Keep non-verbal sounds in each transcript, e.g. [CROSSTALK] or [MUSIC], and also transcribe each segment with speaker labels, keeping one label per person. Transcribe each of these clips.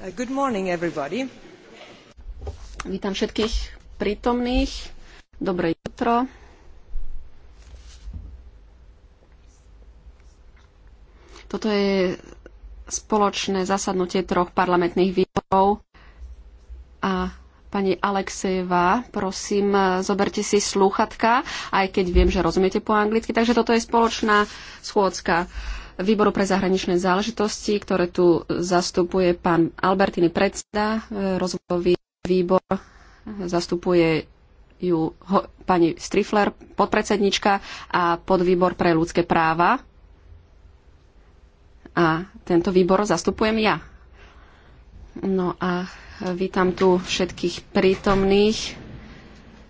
Speaker 1: Uh,
Speaker 2: Vítam všetkých prítomných. Dobré jutro. Toto je spoločné zasadnutie troch parlamentných výborov a Pani Alexejeva, prosím, zoberte si slúchatka, aj keď viem, že rozumiete po anglicky. Takže toto je spoločná schôdzka výboru pre zahraničné záležitosti, ktoré tu zastupuje pán Albertini predseda, e, rozvojový výbor zastupuje ju ho, pani Strifler, podpredsednička a podvýbor pre ľudské práva. A tento výbor zastupujem ja. No a vítam tu všetkých prítomných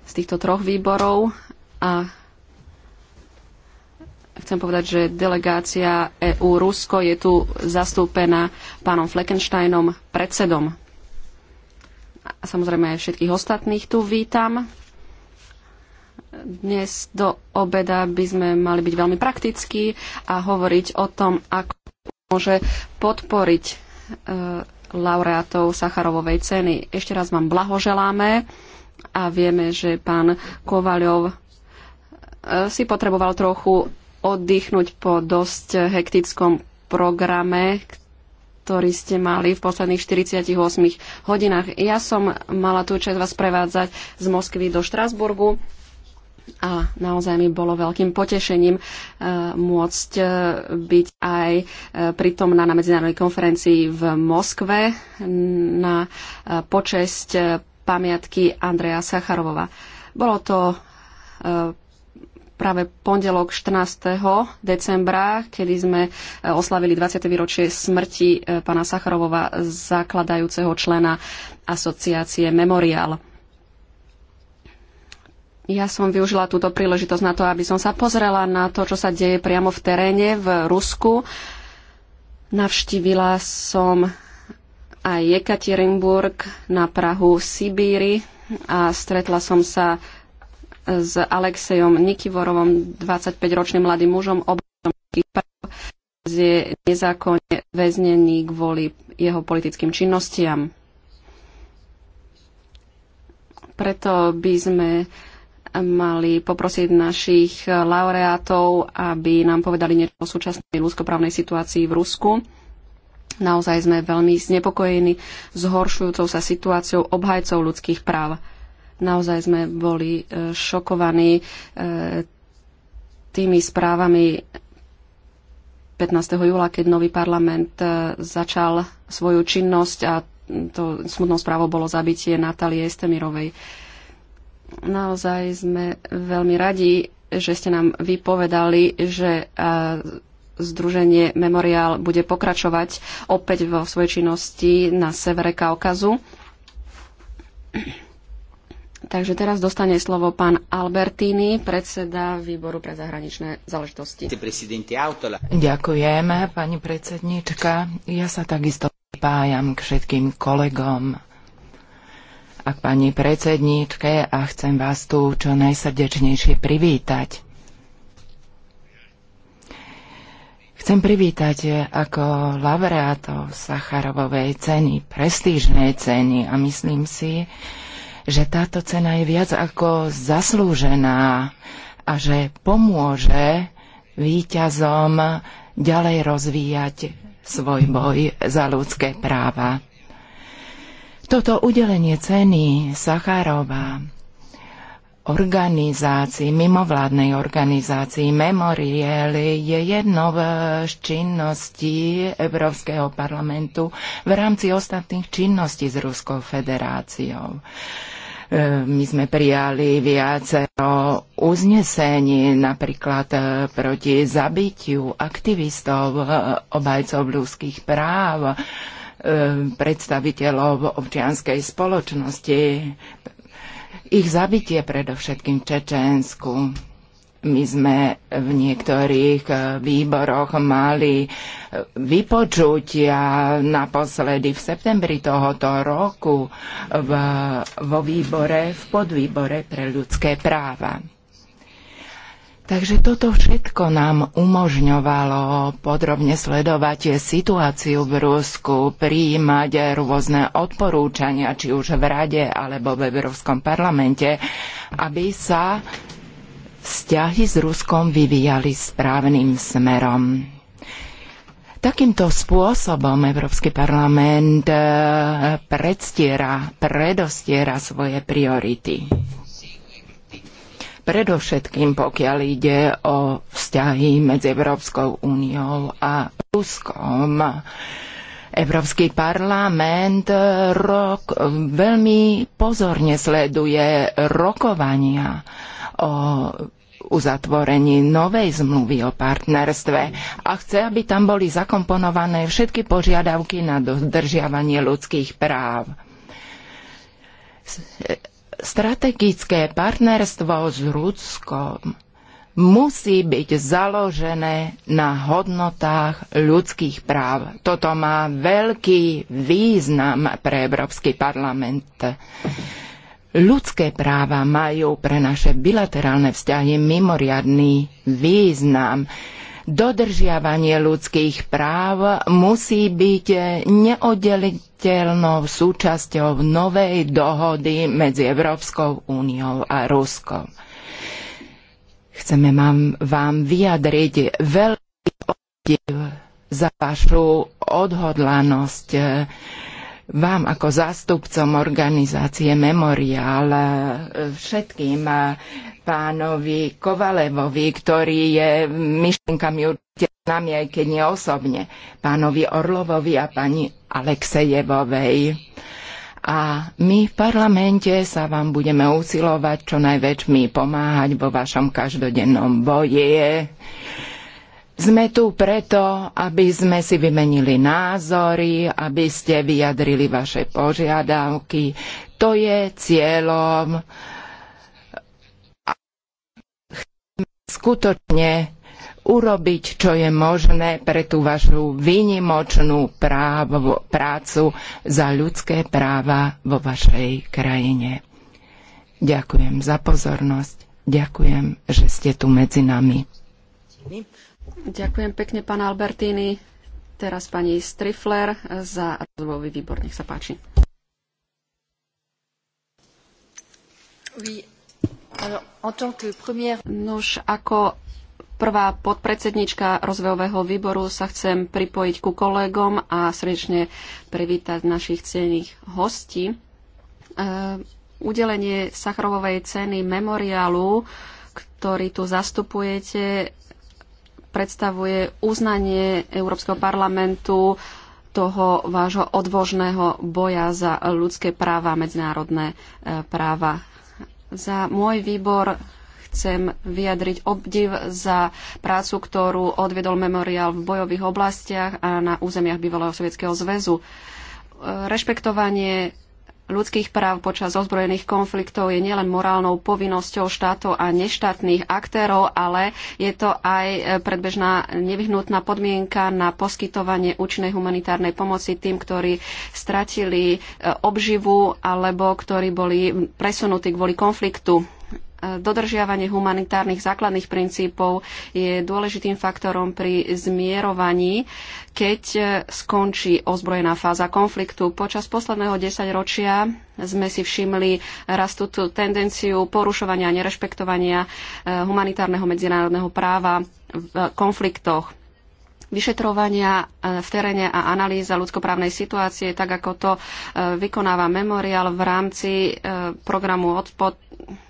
Speaker 2: z týchto troch výborov a chcem povedať, že delegácia EU-Rusko je tu zastúpená pánom Fleckensteinom, predsedom. A samozrejme aj všetkých ostatných tu vítam. Dnes do obeda by sme mali byť veľmi praktickí a hovoriť o tom, ako môže podporiť e, laureátov Sacharovovej ceny. Ešte raz vám blahoželáme a vieme, že pán Kovaľov e, si potreboval trochu oddychnúť po dosť hektickom programe, ktorý ste mali v posledných 48 hodinách. Ja som mala tú časť vás prevádzať z Moskvy do Štrasburgu a naozaj mi bolo veľkým potešením uh, môcť uh, byť aj uh, na medzinárodnej konferencii v Moskve na uh, počesť uh, pamiatky Andreja Sacharovova. Bolo to uh, práve pondelok 14. decembra, kedy sme e, oslavili 20. výročie smrti e, pána Sacharovova, zakladajúceho člena asociácie Memorial. Ja som využila túto príležitosť na to, aby som sa pozrela na to, čo sa deje priamo v teréne v Rusku. Navštívila som aj Jekaterinburg na Prahu Sibíry a stretla som sa s Alexejom Nikivorovom, 25-ročným mladým mužom, obhajom je nezákonne väznený kvôli jeho politickým činnostiam. Preto by sme mali poprosiť našich laureátov, aby nám povedali niečo o súčasnej ľudskoprávnej situácii v Rusku. Naozaj sme veľmi znepokojení zhoršujúcou sa situáciou obhajcov ľudských práv. Naozaj sme boli e, šokovaní e, tými správami 15. júla, keď nový parlament e, začal svoju činnosť a to smutnou správou bolo zabitie Natálie Estemirovej. Naozaj sme veľmi radi, že ste nám vypovedali, že Združenie Memoriál bude pokračovať opäť vo svojej činnosti na severe Kaukazu. Takže teraz dostane slovo pán Albertini, predseda výboru pre zahraničné záležitosti.
Speaker 1: Ďakujem, pani predsednička. Ja sa takisto pripájam k všetkým kolegom a k pani predsedničke a chcem vás tu čo najsrdečnejšie privítať. Chcem privítať ako laureátov Sacharovovej ceny, prestížnej ceny a myslím si, že táto cena je viac ako zaslúžená a že pomôže výťazom ďalej rozvíjať svoj boj za ľudské práva. Toto udelenie ceny Sacharová organizácií, mimovládnej organizácii Memoriel je jednou z činností Európskeho parlamentu v rámci ostatných činností s Ruskou federáciou. E, my sme prijali viacero uznesení, napríklad e, proti zabitiu aktivistov, e, obajcov ľudských práv, predstaviteľov občianskej spoločnosti, ich zabitie predovšetkým v Čečensku. My sme v niektorých eh, výboroch mali eh, vypočutia naposledy v septembri tohoto roku v, vo výbore, v podvýbore pre ľudské práva. Takže toto všetko nám umožňovalo podrobne sledovať situáciu v Rusku, prijímať rôzne odporúčania, či už v Rade alebo v Európskom parlamente, aby sa vzťahy s Ruskom vyvíjali správnym smerom. Takýmto spôsobom Európsky parlament predstiera, predostiera svoje priority predovšetkým pokiaľ ide o vzťahy medzi Európskou úniou a Ruskom. Európsky parlament rok veľmi pozorne sleduje rokovania o uzatvorení novej zmluvy o partnerstve a chce, aby tam boli zakomponované všetky požiadavky na dodržiavanie ľudských práv strategické partnerstvo s Ruskom musí byť založené na hodnotách ľudských práv. Toto má veľký význam pre Európsky parlament. Ľudské práva majú pre naše bilaterálne vzťahy mimoriadný význam dodržiavanie ľudských práv musí byť neoddeliteľnou súčasťou novej dohody medzi Európskou úniou a Ruskom. Chceme vám vyjadriť veľký obdiv za vašu odhodlanosť vám ako zástupcom organizácie Memoriál, e, všetkým e, pánovi Kovalevovi, ktorý je myšlienkami určite s nami, aj keď nie osobne, pánovi Orlovovi a pani Aleksejevovej. A my v parlamente sa vám budeme usilovať čo najväčšmi pomáhať vo vašom každodennom boji sme tu preto, aby sme si vymenili názory, aby ste vyjadrili vaše požiadavky. To je cieľom. Chceme skutočne urobiť, čo je možné pre tú vašu výnimočnú právo, prácu za ľudské práva vo vašej krajine. Ďakujem za pozornosť. Ďakujem, že ste tu medzi nami.
Speaker 2: Ďakujem pekne, pán Albertini. Teraz pani Strifler za rozvojový výbor. Nech sa páči. Nož ako prvá podpredsednička rozvojového výboru sa chcem pripojiť ku kolegom a srdečne privítať našich cenných hostí. E, udelenie Sacharovovej ceny memoriálu, ktorý tu zastupujete, predstavuje uznanie Európskeho parlamentu toho vášho odvožného boja za ľudské práva, medzinárodné e, práva. Za môj výbor chcem vyjadriť obdiv za prácu, ktorú odvedol memoriál v bojových oblastiach a na územiach bývalého Sovietskeho zväzu. E, rešpektovanie ľudských práv počas ozbrojených konfliktov je nielen morálnou povinnosťou štátov a neštátnych aktérov, ale je to aj e, predbežná nevyhnutná podmienka na poskytovanie účinnej humanitárnej pomoci tým, ktorí stratili e, obživu alebo ktorí boli presunutí kvôli konfliktu dodržiavanie humanitárnych základných princípov je dôležitým faktorom pri zmierovaní, keď skončí ozbrojená fáza konfliktu. Počas posledného desaťročia sme si všimli rastúcu tendenciu porušovania a nerešpektovania eh, humanitárneho medzinárodného práva v konfliktoch vyšetrovania e, v teréne a analýza ľudskoprávnej situácie, tak ako to e, vykonáva memoriál v rámci e, programu Odpod,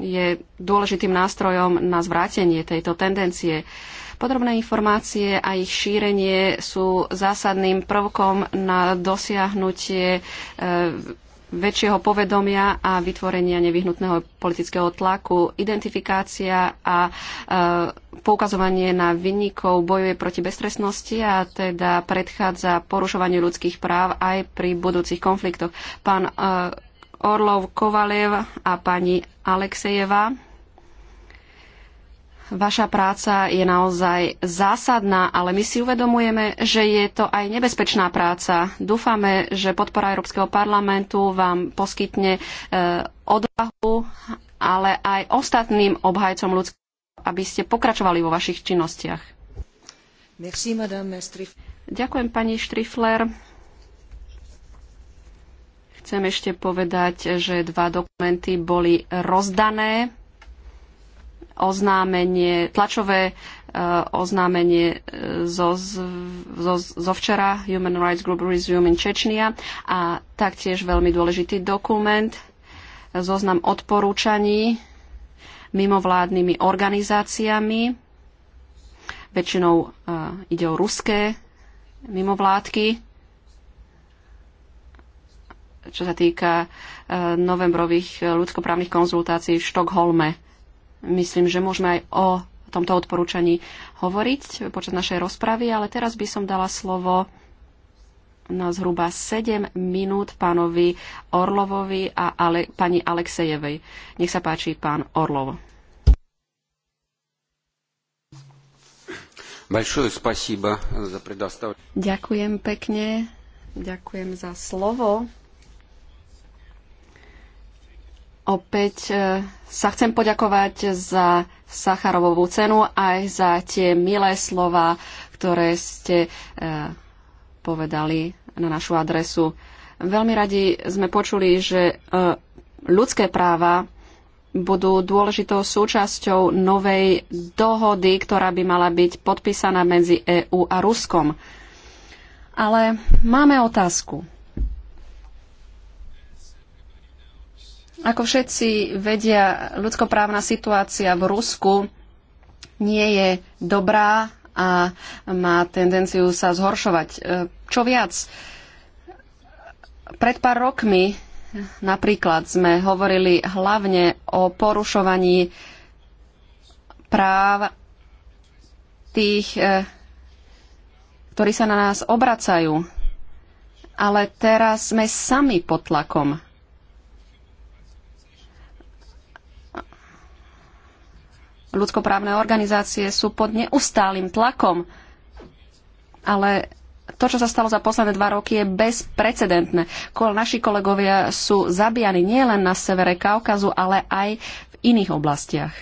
Speaker 2: je dôležitým nástrojom na zvrátenie tejto tendencie. Podrobné informácie a ich šírenie sú zásadným prvkom na dosiahnutie väčšieho povedomia a vytvorenia nevyhnutného politického tlaku, identifikácia a e, poukazovanie na vynikov bojuje proti bestresnosti a teda predchádza porušovaniu ľudských práv aj pri budúcich konfliktoch. Pán e, Orlov Kovalev a pani Alexejeva Vaša práca je naozaj zásadná, ale my si uvedomujeme, že je to aj nebezpečná práca. Dúfame, že podpora Európskeho parlamentu vám poskytne e, odvahu, ale aj ostatným obhajcom ľudského, aby ste pokračovali vo vašich činnostiach. Merci, madame Ďakujem, pani Štrifler. Chcem ešte povedať, že dva dokumenty boli rozdané oznámenie, tlačové e, oznámenie e, zo, zo, zo včera Human Rights Group Resume in Čečnia a taktiež veľmi dôležitý dokument, zoznam odporúčaní mimovládnymi organizáciami. Väčšinou e, ide o ruské mimovládky, čo sa týka novembrových ľudskoprávnych konzultácií v Štokholme myslím, že môžeme aj o tomto odporúčaní hovoriť počas našej rozpravy, ale teraz by som dala slovo na zhruba 7 minút pánovi Orlovovi a ale, pani Alexejevej. Nech sa páči, pán Orlov. Ďakujem pekne. Ďakujem za slovo. Opäť e, sa chcem poďakovať za Sacharovovú cenu aj za tie milé slova, ktoré ste e, povedali na našu adresu. Veľmi radi sme počuli, že e, ľudské práva budú dôležitou súčasťou novej dohody, ktorá by mala byť podpísaná medzi EÚ a Ruskom. Ale máme otázku. Ako všetci vedia, ľudskoprávna situácia v Rusku nie je dobrá a má tendenciu sa zhoršovať. E, čo viac, pred pár rokmi napríklad sme hovorili hlavne o porušovaní práv tých, e, ktorí sa na nás obracajú. Ale teraz sme sami pod tlakom ľudskoprávne organizácie sú pod neustálým tlakom. Ale to, čo sa stalo za posledné dva roky, je bezprecedentné. Naši kolegovia sú zabíjani nielen na severe Kaukazu, ale aj v iných oblastiach.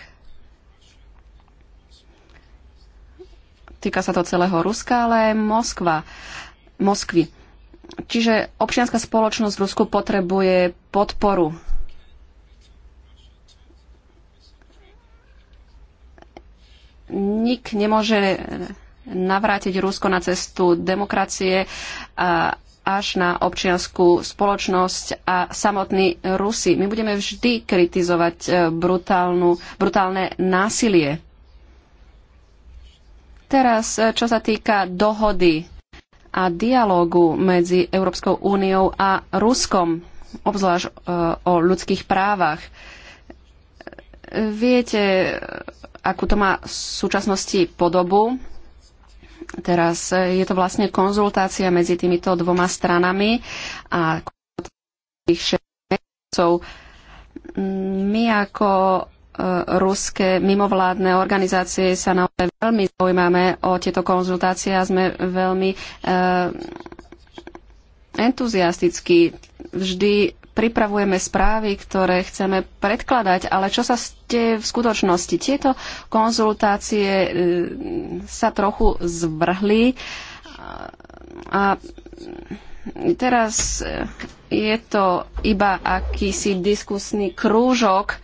Speaker 2: Týka sa to celého Ruska, ale aj Moskva, Moskvy. Čiže občianská spoločnosť v Rusku potrebuje podporu nik nemôže navrátiť Rusko na cestu demokracie a až na občianskú spoločnosť a samotní Rusi. My budeme vždy kritizovať e, brutálnu, brutálne násilie. Teraz, e, čo sa týka dohody a dialógu medzi Európskou úniou a Ruskom, obzvlášť e, o ľudských právach. Viete, akú to má v súčasnosti podobu. Teraz e, je to vlastne konzultácia medzi týmito dvoma stranami a tých šéfov. Mm, my ako e, ruské mimovládne organizácie sa naozaj veľmi zaujímame o tieto konzultácie a sme veľmi e, entuziastickí. Vždy pripravujeme správy, ktoré chceme predkladať, ale čo sa ste v skutočnosti? Tieto konzultácie e, sa trochu zvrhli a teraz e, je to iba akýsi diskusný krúžok.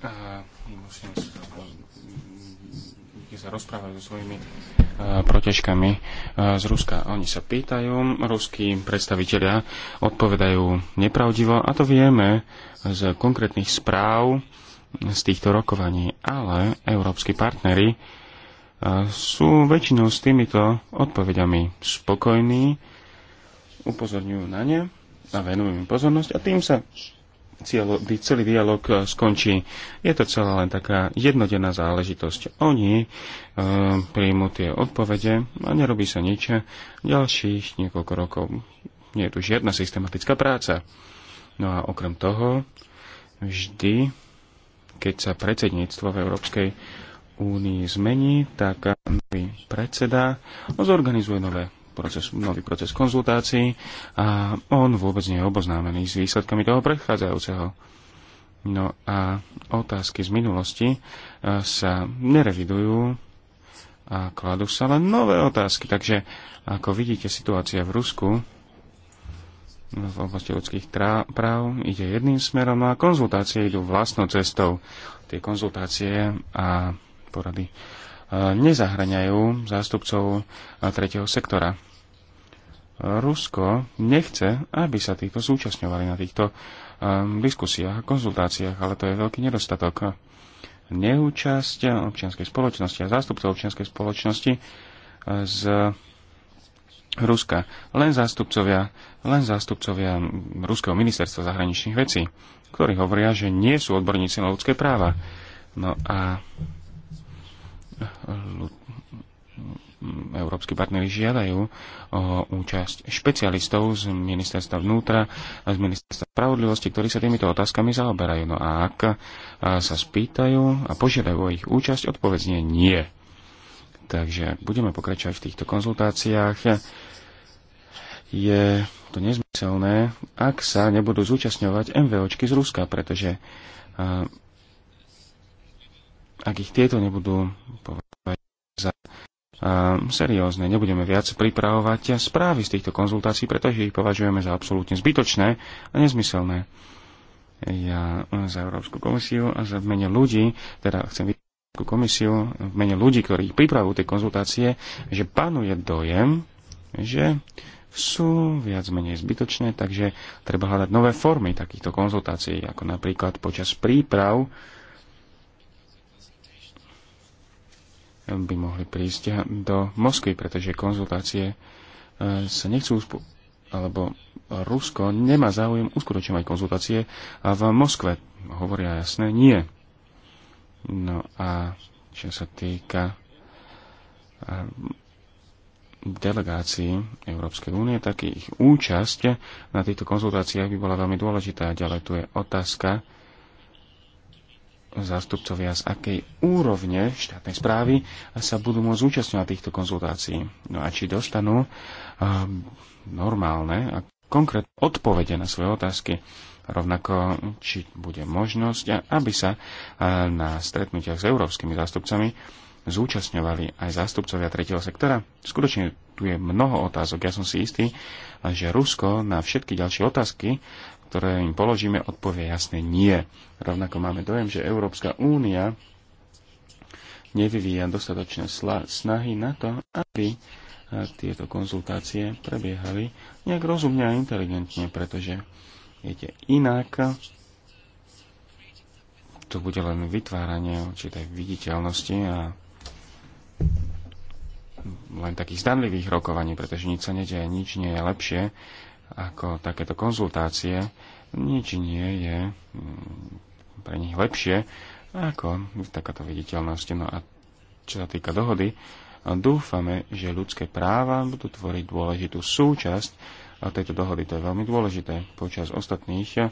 Speaker 3: A, sa so svojimi E, protežkami e, z Ruska. Oni sa pýtajú, ruskí predstavitelia odpovedajú nepravdivo a to vieme z konkrétnych správ z týchto rokovaní. Ale európsky partnery e, sú väčšinou s týmito odpovediami spokojní, upozorňujú na ne a venujú im pozornosť a tým sa by celý dialog e, skončí. Je to celá len taká jednodenná záležitosť. Oni e, príjmu tie odpovede a nerobí sa nič ďalších niekoľko rokov. Nie je tu žiadna systematická práca. No a okrem toho, vždy, keď sa predsedníctvo v Európskej únii zmení, tak nový predseda zorganizuje nové proces, nový proces konzultácií a on vôbec nie je oboznámený s výsledkami toho predchádzajúceho. No a otázky z minulosti e, sa nerevidujú a kladú sa len nové otázky. Takže ako vidíte, situácia v Rusku v oblasti ľudských práv ide jedným smerom no a konzultácie idú vlastnou cestou. Tie konzultácie a porady e, nezahraňajú zástupcov e, tretieho sektora. Rusko nechce, aby sa títo zúčastňovali na týchto um, diskusiách a konzultáciách, ale to je veľký nedostatok. Neúčasť občianskej spoločnosti a zástupcov občianskej spoločnosti uh, z Ruska. Len zástupcovia, len zástupcovia Ruského ministerstva zahraničných vecí, ktorí hovoria, že nie sú odborníci na ľudské práva. No a európsky partneri žiadajú o účasť špecialistov z ministerstva vnútra a z ministerstva spravodlivosti, ktorí sa týmito otázkami zaoberajú. No a ak sa spýtajú a požiadajú o ich účasť, odpovedzne nie. Takže ak budeme pokračovať v týchto konzultáciách, je to nezmyselné, ak sa nebudú zúčastňovať MVOčky z Ruska, pretože ak ich tieto nebudú seriózne. Nebudeme viac pripravovať správy z týchto konzultácií, pretože ich považujeme za absolútne zbytočné a nezmyselné. Ja za Európsku komisiu a za mene ľudí, teda chcem Európsku komisiu v mene ľudí, ktorí pripravujú tie konzultácie, že panuje dojem, že sú viac menej zbytočné, takže treba hľadať nové formy takýchto konzultácií, ako napríklad počas príprav by mohli prísť do Moskvy, pretože konzultácie e, sa nechcú uspo- alebo Rusko nemá záujem uskutočňovať konzultácie a v Moskve hovoria jasné nie. No a čo sa týka e, delegácií Európskej únie, tak ich účasť na týchto konzultáciách by bola veľmi dôležitá. Ďalej tu je otázka, zástupcovia z akej úrovne štátnej správy sa budú môcť zúčastňovať týchto konzultácií. No a či dostanú eh, normálne a konkrétne odpovede na svoje otázky. Rovnako, či bude možnosť, eh, aby sa eh, na stretnutiach s európskymi zástupcami zúčastňovali aj zástupcovia tretieho sektora? Skutočne tu je mnoho otázok. Ja som si istý, že Rusko na všetky ďalšie otázky ktoré im položíme, odpovie jasne nie. Rovnako máme dojem, že Európska únia nevyvíja dostatočné snahy na to, aby e, tieto konzultácie prebiehali nejak rozumne a inteligentne, pretože viete, inak to bude len vytváranie určitej viditeľnosti a len takých zdanlivých rokovaní, pretože nič sa nedeje, nič nie je lepšie, ako takéto konzultácie, nič nie je mm, pre nich lepšie ako takáto viditeľnosť. No a čo sa týka dohody, dúfame, že ľudské práva budú tvoriť dôležitú súčasť tejto dohody. To je veľmi dôležité. Počas ostatných eh,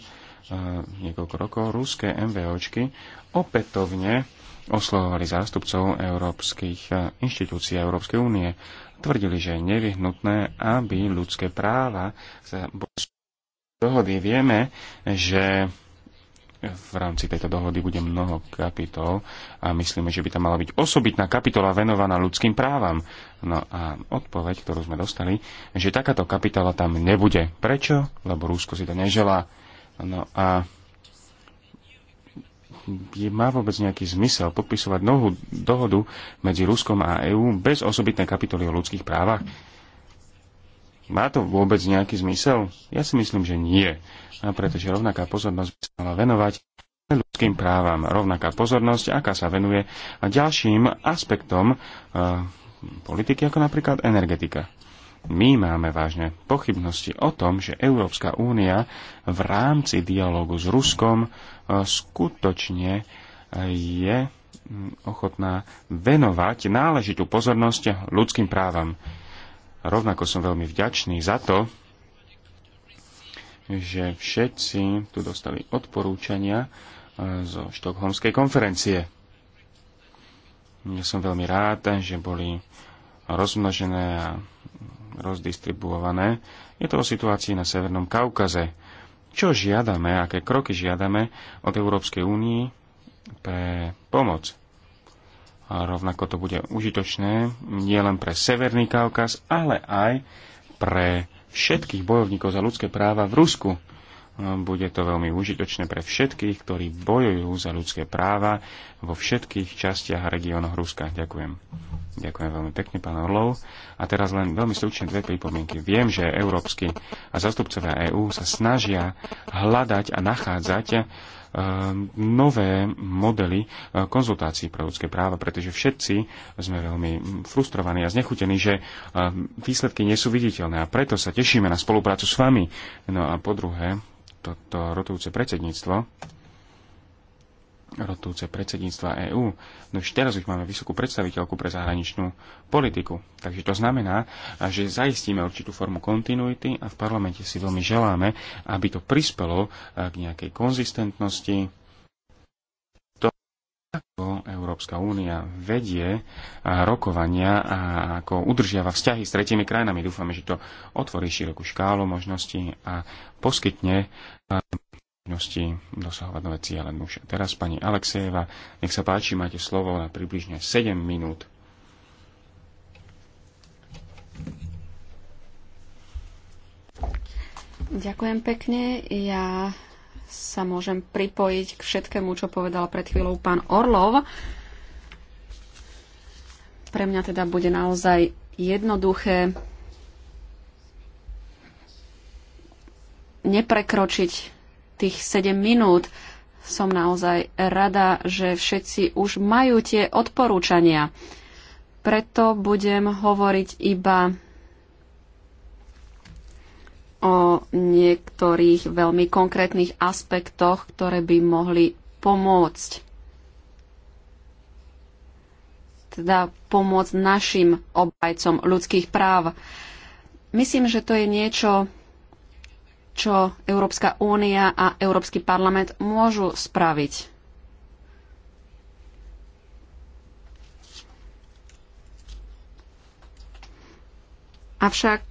Speaker 3: niekoľko rokov ruské MVOčky opätovne oslovovali zástupcov európskych eh, inštitúcií Európskej únie tvrdili, že je nevyhnutné, aby ľudské práva sa dohody vieme, že v rámci tejto dohody bude mnoho kapitol a myslíme, že by tam mala byť osobitná kapitola venovaná ľudským právam. No a odpoveď, ktorú sme dostali, že takáto kapitola tam nebude. Prečo? Lebo Rusko si to neželá. No a je, má vôbec nejaký zmysel podpisovať novú dohodu medzi Ruskom a EÚ bez osobitnej kapitoly o ľudských právach? Má to vôbec nejaký zmysel? Ja si myslím, že nie. A pretože rovnaká pozornosť by sa mala venovať ľudským právam. Rovnaká pozornosť, aká sa venuje ďalším aspektom e, politiky, ako napríklad energetika. My máme vážne pochybnosti o tom, že Európska únia v rámci dialogu s Ruskom e, skutočne e, je ochotná venovať náležitú pozornosť ľudským právam. Rovnako som veľmi vďačný za to, že všetci tu dostali odporúčania e, zo štokholmskej konferencie. Ja som veľmi rád, že boli rozmnožené a rozdistribuované. Je to o situácii na Severnom Kaukaze. Čo žiadame, aké kroky žiadame od Európskej únii pre pomoc? A rovnako to bude užitočné nielen pre Severný Kaukaz, ale aj pre všetkých bojovníkov za ľudské práva v Rusku bude to veľmi užitočné pre všetkých, ktorí bojujú za ľudské práva vo všetkých častiach a regiónoch Ruska. Ďakujem. Ďakujem veľmi pekne, pán Orlov. A teraz len veľmi stručne dve pripomienky. Viem, že európsky a zastupcovia EÚ sa snažia hľadať a nachádzať e, nové modely e, konzultácií pre ľudské práva, pretože všetci sme veľmi frustrovaní a znechutení, že e, výsledky nie sú viditeľné a preto sa tešíme na spoluprácu s vami. No a po druhé, toto rotujúce predsedníctvo, rotujúce predsedníctva EÚ. No už teraz už máme vysokú predstaviteľku pre zahraničnú politiku. Takže to znamená, že zaistíme určitú formu kontinuity a v parlamente si veľmi želáme, aby to prispelo eh, k nejakej konzistentnosti, ako Európska únia vedie rokovania a ako udržiava vzťahy s tretími krajinami. Dúfame, že to otvorí širokú škálu možností a poskytne možnosti dosahovať nové cieľe. Už teraz pani Alexejeva, nech sa páči, máte slovo na približne 7 minút.
Speaker 2: Ďakujem pekne. Ja sa môžem pripojiť k všetkému, čo povedal pred chvíľou pán Orlov. Pre mňa teda bude naozaj jednoduché neprekročiť tých 7 minút. Som naozaj rada, že všetci už majú tie odporúčania. Preto budem hovoriť iba o niektorých veľmi konkrétnych aspektoch, ktoré by mohli pomôcť. Teda pomôcť našim obajcom ľudských práv. Myslím, že to je niečo, čo Európska únia a Európsky parlament môžu spraviť. Avšak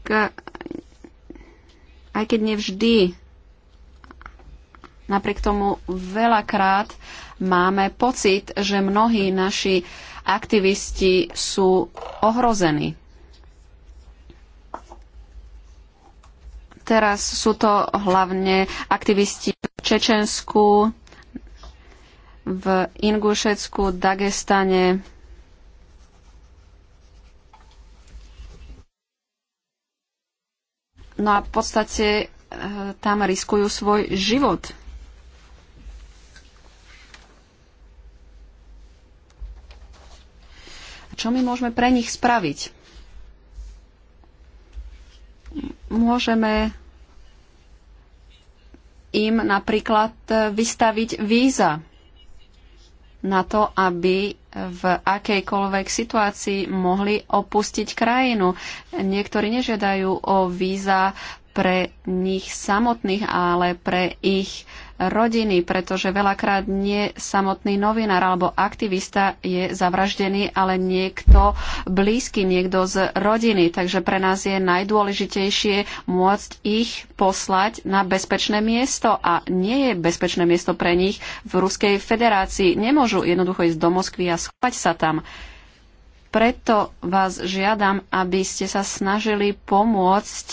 Speaker 2: aj keď nevždy, napriek tomu veľakrát máme pocit, že mnohí naši aktivisti sú ohrození. Teraz sú to hlavne aktivisti v Čečensku, v Ingušecku, Dagestane, No a v podstate e, tam riskujú svoj život. Čo my môžeme pre nich spraviť? Môžeme im napríklad e, vystaviť víza na to, aby v akejkoľvek situácii mohli opustiť krajinu. Niektorí nežiadajú o víza pre nich samotných, ale pre ich rodiny, pretože veľakrát nie samotný novinár alebo aktivista je zavraždený, ale niekto blízky, niekto z rodiny. Takže pre nás je najdôležitejšie môcť ich poslať na bezpečné miesto a nie je bezpečné miesto pre nich v Ruskej federácii. Nemôžu jednoducho ísť do Moskvy a schovať sa tam. Preto vás žiadam, aby ste sa snažili pomôcť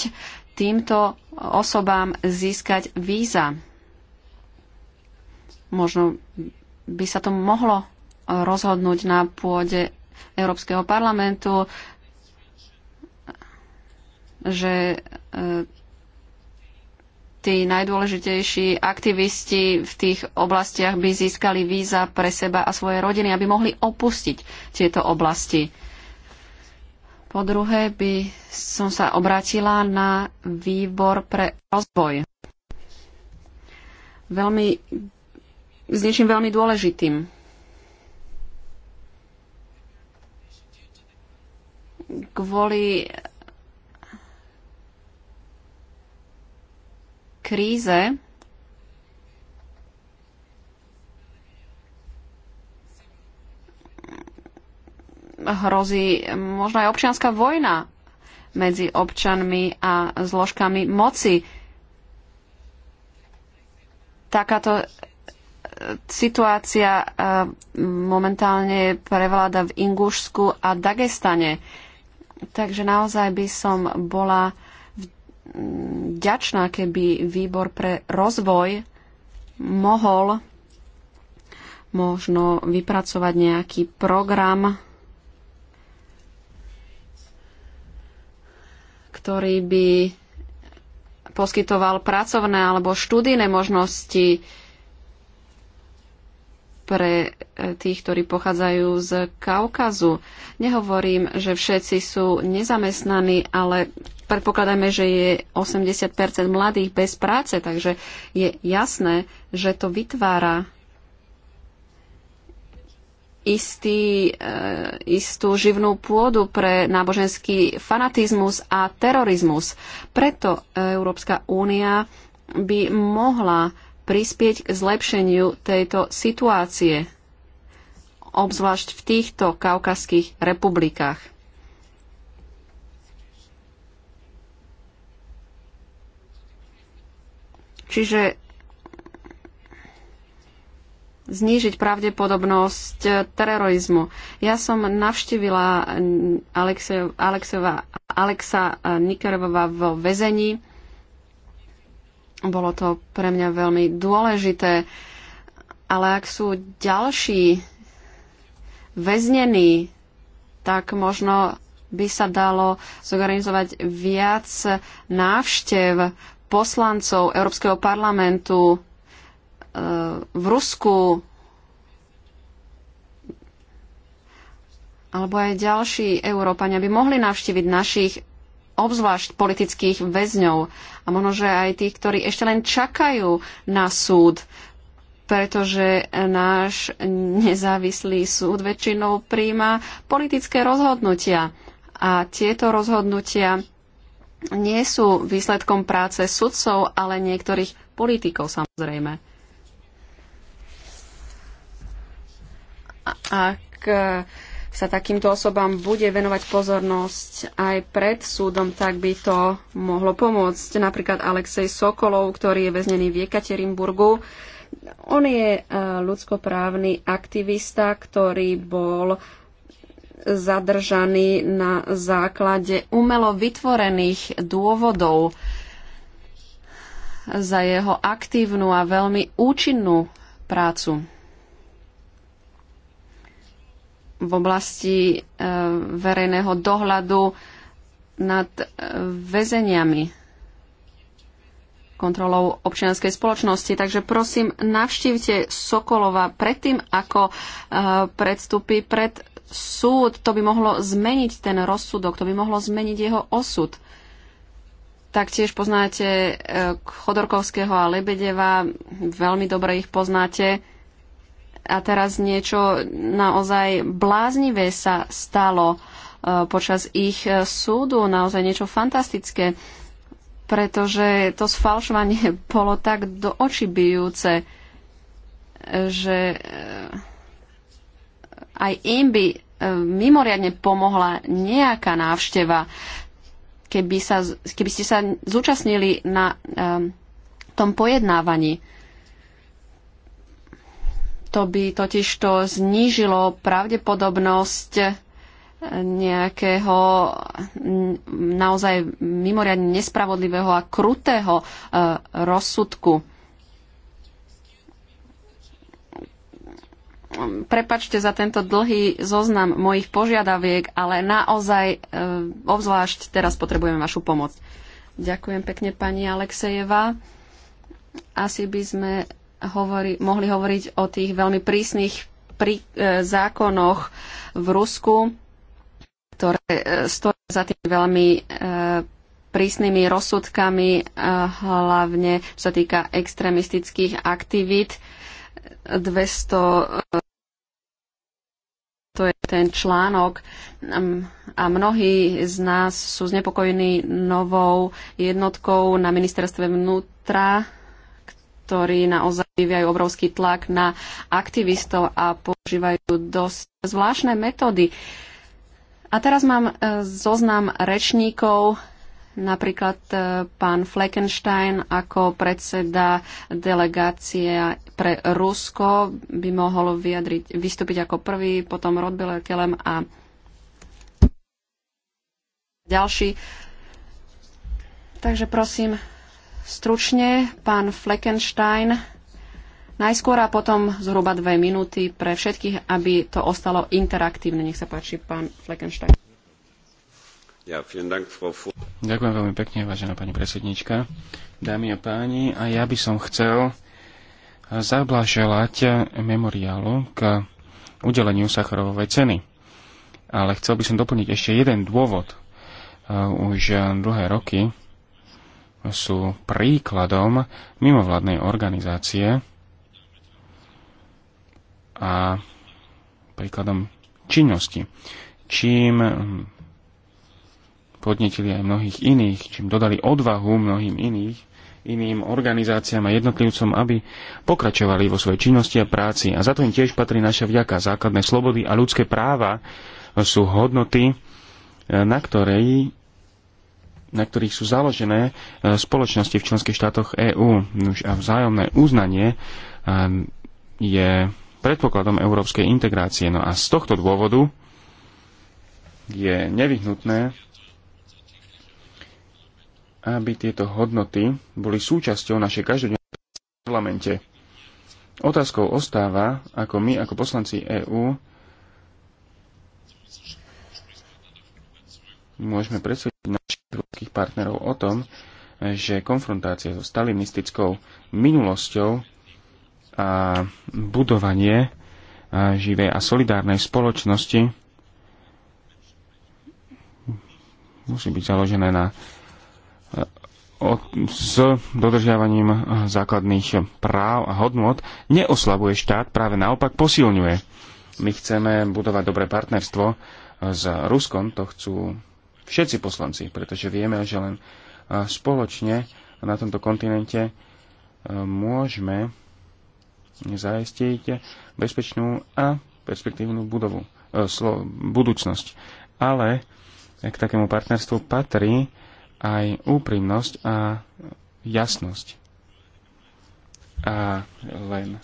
Speaker 2: týmto osobám získať víza. Možno by sa to mohlo rozhodnúť na pôde Európskeho parlamentu, že e, tí najdôležitejší aktivisti v tých oblastiach by získali víza pre seba a svoje rodiny, aby mohli opustiť tieto oblasti. Po druhé by som sa obrátila na výbor pre rozvoj. Veľmi s niečím veľmi dôležitým. Kvôli kríze hrozí možno aj občianská vojna medzi občanmi a zložkami moci. Takáto situácia eh, momentálne prevláda v Ingušsku a Dagestane. Takže naozaj by som bola vďačná, keby výbor pre rozvoj mohol možno vypracovať nejaký program, ktorý by poskytoval pracovné alebo študijné možnosti pre e, tých, ktorí pochádzajú z Kaukazu. Nehovorím, že všetci sú nezamestnaní, ale predpokladajme, že je 80 mladých bez práce, takže je jasné, že to vytvára istý, e, istú živnú pôdu pre náboženský fanatizmus a terorizmus. Preto Európska únia by mohla prispieť k zlepšeniu tejto situácie, obzvlášť v týchto kaukaských republikách. Čiže znížiť pravdepodobnosť terorizmu. Ja som navštívila Alexeva, Alexa Nikerová vo vezení. Bolo to pre mňa veľmi dôležité, ale ak sú ďalší väznení, tak možno by sa dalo zorganizovať viac návštev poslancov Európskeho parlamentu e, v Rusku alebo aj ďalší Európania by mohli navštíviť našich obzvlášť politických väzňov a možno, že aj tých, ktorí ešte len čakajú na súd, pretože náš nezávislý súd väčšinou príjma politické rozhodnutia a tieto rozhodnutia nie sú výsledkom práce sudcov, ale niektorých politikov samozrejme. ak sa takýmto osobám bude venovať pozornosť aj pred súdom, tak by to mohlo pomôcť. Napríklad Alexej Sokolov, ktorý je väznený v Jekaterinburgu. On je e, ľudskoprávny aktivista, ktorý bol zadržaný na základe umelo vytvorených dôvodov za jeho aktívnu a veľmi účinnú prácu. v oblasti e, verejného dohľadu nad e, väzeniami kontrolou občianskej spoločnosti. Takže prosím, navštívte Sokolova predtým, ako e, predstupí pred súd. To by mohlo zmeniť ten rozsudok, to by mohlo zmeniť jeho osud. Taktiež poznáte Chodorkovského a Lebedeva, veľmi dobre ich poznáte a teraz niečo naozaj bláznivé sa stalo e, počas ich e, súdu, naozaj niečo fantastické, pretože to sfalšovanie [LAUGHS] bolo tak do očí bijúce, e, že aj im by mimoriadne pomohla nejaká návšteva, keby, sa, keby ste sa zúčastnili na um, tom pojednávaní. To by totiž to znížilo pravdepodobnosť nejakého naozaj mimoriadne nespravodlivého a krutého eh, rozsudku. Prepačte za tento dlhý zoznam mojich požiadaviek, ale naozaj eh, obzvlášť teraz potrebujeme vašu pomoc. Ďakujem pekne pani Alexejeva. Asi by sme hovori, mohli hovoriť o tých veľmi prísnych pri, e, zákonoch v Rusku, ktoré e, stojí za tým veľmi e, prísnymi rozsudkami, e, hlavne čo sa týka extremistických aktivít. 200 e, to je ten článok a mnohí z nás sú znepokojení novou jednotkou na ministerstve vnútra ktorí naozaj vyvíjajú obrovský tlak na aktivistov a používajú dosť zvláštne metódy. A teraz mám e, zoznam rečníkov, napríklad e, pán Fleckenstein ako predseda delegácie pre Rusko by mohol vyjadriť, vystúpiť ako prvý, potom Rodbiller Kelem a ďalší. Takže prosím, stručne pán Fleckenstein najskôr a potom zhruba dve minúty pre všetkých, aby to ostalo interaktívne. Nech sa páči, pán Fleckenstein.
Speaker 3: Ja, Dank, Ďakujem veľmi pekne, vážená pani predsednička. Dámy a páni, a ja by som chcel zablaželať memoriálu k udeleniu Sacharovovej ceny. Ale chcel by som doplniť ešte jeden dôvod. E, už e, dlhé roky sú príkladom mimovládnej organizácie a príkladom činnosti. Čím podnetili aj mnohých iných, čím dodali odvahu mnohým iných, iným organizáciám a jednotlivcom, aby pokračovali vo svojej činnosti a práci. A za to im tiež patrí naša vďaka. Základné slobody a ľudské práva sú hodnoty, na ktorej na ktorých sú založené e, spoločnosti v členských štátoch EÚ. A vzájomné uznanie ehm, je predpokladom európskej integrácie. No a z tohto dôvodu je nevyhnutné, aby tieto hodnoty boli súčasťou našej každodennej parlamente. Otázkou ostáva, ako my, ako poslanci EÚ, môžeme presvedčiť našich ruských partnerov o tom, že konfrontácia so stalinistickou minulosťou a budovanie živej a solidárnej spoločnosti musí byť založené na s dodržiavaním základných práv a hodnot neoslabuje štát, práve naopak posilňuje. My chceme budovať dobré partnerstvo s Ruskom, to chcú všetci poslanci, pretože vieme, že len spoločne na tomto kontinente môžeme zajistiť bezpečnú a perspektívnu budovu, e, budúcnosť. Ale k takému partnerstvu patrí aj úprimnosť a jasnosť. A len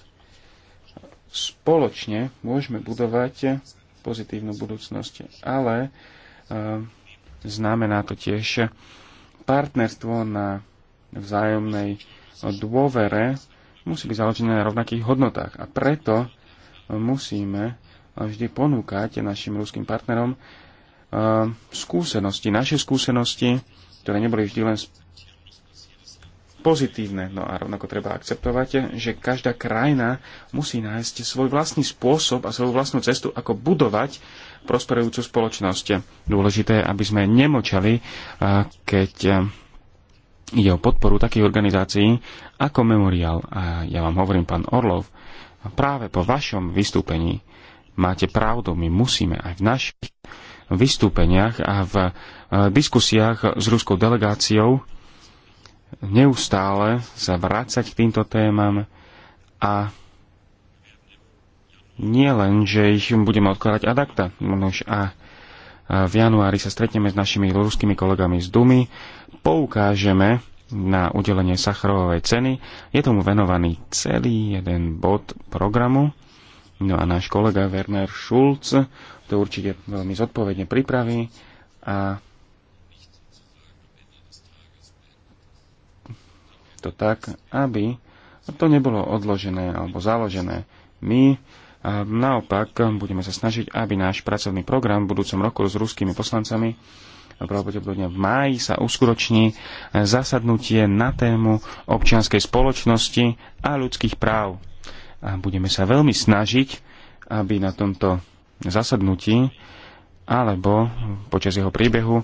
Speaker 3: spoločne môžeme budovať pozitívnu budúcnosť. Ale Znamená to tiež partnerstvo na vzájomnej dôvere musí byť založené na rovnakých hodnotách. A preto musíme vždy ponúkať našim ruským partnerom eh, skúsenosti, naše skúsenosti, ktoré neboli vždy len pozitívne. No a rovnako treba akceptovať, že každá krajina musí nájsť svoj vlastný spôsob a svoju vlastnú cestu, ako budovať prosperujúcu spoločnosť. Dôležité je, aby sme nemočali, keď ide o podporu takých organizácií ako Memorial. A ja vám hovorím, pán Orlov, práve po vašom vystúpení máte pravdu, my musíme aj v našich vystúpeniach a v diskusiách s ruskou delegáciou neustále sa vrácať k týmto témam a nie len, že ich budeme odkladať ad acta, a v januári sa stretneme s našimi ruskými kolegami z Dumy, poukážeme na udelenie Sacharovej ceny. Je tomu venovaný celý jeden bod programu. No a náš kolega Werner Schulz to určite veľmi zodpovedne pripraví a to tak, aby to nebolo odložené alebo založené. My a naopak, budeme sa snažiť, aby náš pracovný program v budúcom roku s ruskými poslancami pravdepodobne v máji sa uskutoční zasadnutie na tému občianskej spoločnosti a ľudských práv. A budeme sa veľmi snažiť, aby na tomto zasadnutí alebo počas jeho príbehu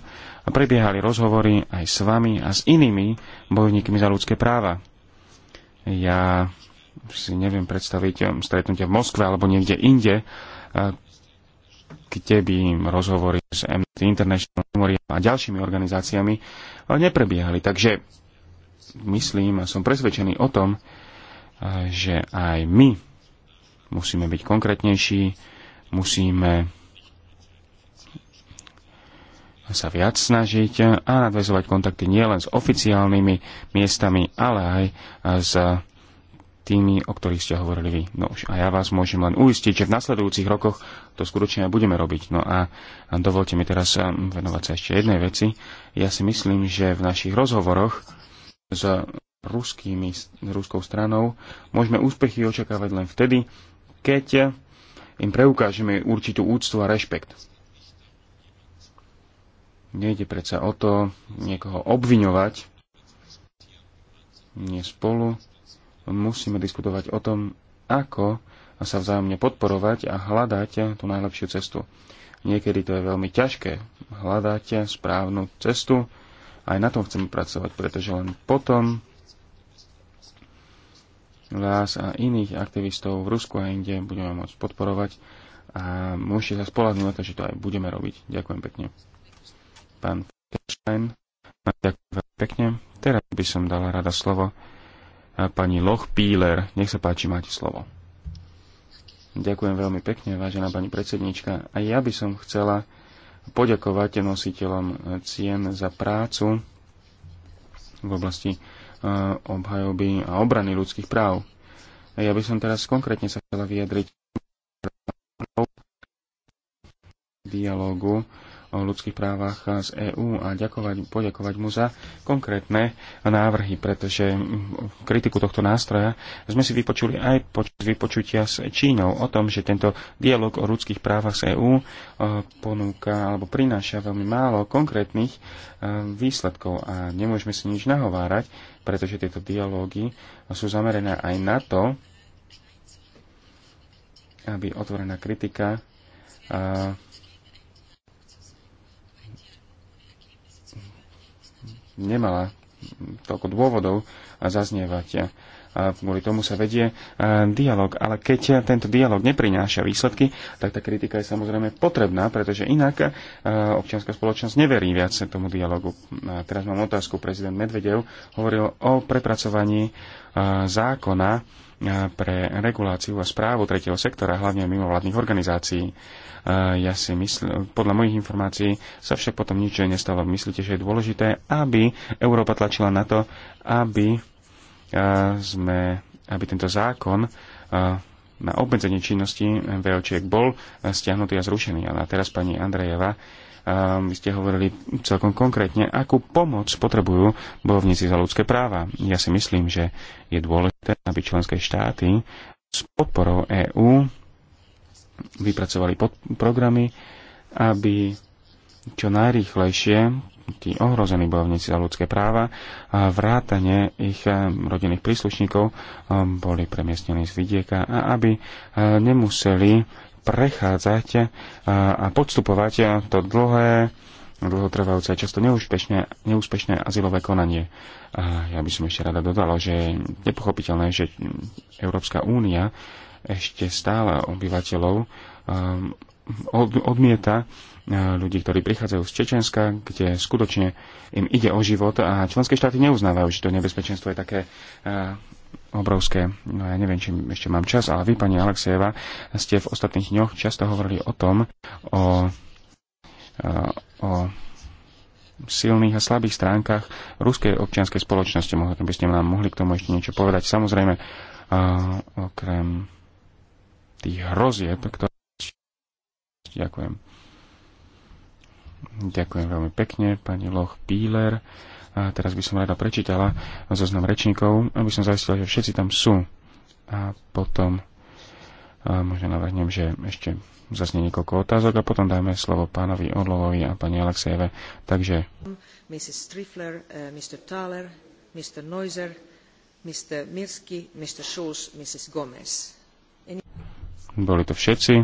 Speaker 3: prebiehali rozhovory aj s vami a s inými bojovníkmi za ľudské práva. Ja si neviem predstaviť um, stretnutia v Moskve alebo niekde inde, uh, kde by im rozhovory s Amnesty International a ďalšími organizáciami uh, neprebiehali. Takže myslím a som presvedčený o tom, uh, že aj my musíme byť konkrétnejší, musíme sa viac snažiť a nadväzovať kontakty nielen s oficiálnymi miestami, ale aj s tými, o ktorých ste hovorili vy. No už a ja vás môžem len uistiť, že v nasledujúcich rokoch to skutočne aj budeme robiť. No a dovolte mi teraz um, venovať sa ešte jednej veci. Ja si myslím, že v našich rozhovoroch s ruskými, ruskou stranou môžeme úspechy očakávať len vtedy, keď im preukážeme určitú úctu a rešpekt. Nejde predsa o to niekoho obviňovať, nie spolu musíme diskutovať o tom, ako sa vzájomne podporovať a hľadať tú najlepšiu cestu. Niekedy to je veľmi ťažké hľadať správnu cestu. Aj na tom chceme pracovať, pretože len potom vás a iných aktivistov v Rusku a inde budeme môcť podporovať a môžete sa spolahnúť na to, že to aj budeme robiť. Ďakujem pekne. Pán Stein, ďakujem pekne. Teraz by som dala rada slovo pani Loch Píler. Nech sa páči, máte slovo. Ďakujem veľmi pekne, vážená pani predsednička. A ja by som chcela poďakovať nositeľom cien za prácu v oblasti e, obhajoby a obrany ľudských práv. A ja by som teraz konkrétne sa chcela vyjadriť dialogu o ľudských právach z EÚ a ďakovať, poďakovať mu za konkrétne návrhy, pretože kritiku tohto nástroja sme si vypočuli aj počas vypočutia s Čínou o tom, že tento dialog o ľudských právach z EÚ e, ponúka alebo prináša veľmi málo konkrétnych e, výsledkov a nemôžeme si nič nahovárať, pretože tieto dialógy sú zamerané aj na to, aby otvorená kritika e, nemala toľko dôvodov a zaznievať a kvôli tomu sa vedie e, dialog. Ale keď e, tento dialog neprináša výsledky, tak tá kritika je samozrejme potrebná, pretože inak e, občianská spoločnosť neverí viac tomu dialogu. A teraz mám otázku. Prezident Medvedev hovoril o prepracovaní zákona pre reguláciu a správu tretieho sektora, hlavne mimovládnych organizácií. Ja si myslím, podľa mojich informácií sa však potom nič nestalo. Myslíte, že je dôležité, aby Európa tlačila na to, aby sme, aby tento zákon na obmedzenie činnosti VOČiek bol stiahnutý a zrušený. A teraz pani Andrejeva, vy ste hovorili celkom konkrétne, akú pomoc potrebujú bojovníci za ľudské práva. Ja si myslím, že je dôležité, aby členské štáty s podporou EÚ vypracovali pod- programy, aby čo najrýchlejšie tí ohrození bojovníci za ľudské práva a vrátane ich eh, rodinných príslušníkov eh, boli premiestnení z vidieka a aby eh, nemuseli prechádzať a podstupovať to dlhé dlhotrvajúce a často neúspešné, neúspešné azylové konanie. A ja by som ešte rada dodala, že je nepochopiteľné, že Európska únia ešte stále obyvateľov um, od, odmieta E, ľudí, ktorí prichádzajú z Čečenska, kde skutočne im ide o život a členské štáty neuznávajú, že to nebezpečenstvo je také e, obrovské. No ja neviem, či ešte mám čas, ale vy, pani Alexejeva, ste v ostatných dňoch často hovorili o tom, o, e, o silných a slabých stránkach ruskej občianskej spoločnosti. Mohli by ste nám mohli k tomu ešte niečo povedať. Samozrejme, okrem tých hrozieb, ktoré... Ďakujem. Ďakujem veľmi pekne, pani Loch Píler. A teraz by som rada prečítala zoznam rečníkov, aby som zaistila, že všetci tam sú. A potom a možno navrhnem, že ešte zaznie niekoľko otázok a potom dáme slovo pánovi Orlovovi a pani Alexejeve. Takže... Mrs. Strifler,
Speaker 1: uh, eh, Mr. Thaler, Mr. Neuser, Mr. Mirsky, Mr. Schulz, Mrs. Gomez. Any...
Speaker 3: Boli to všetci.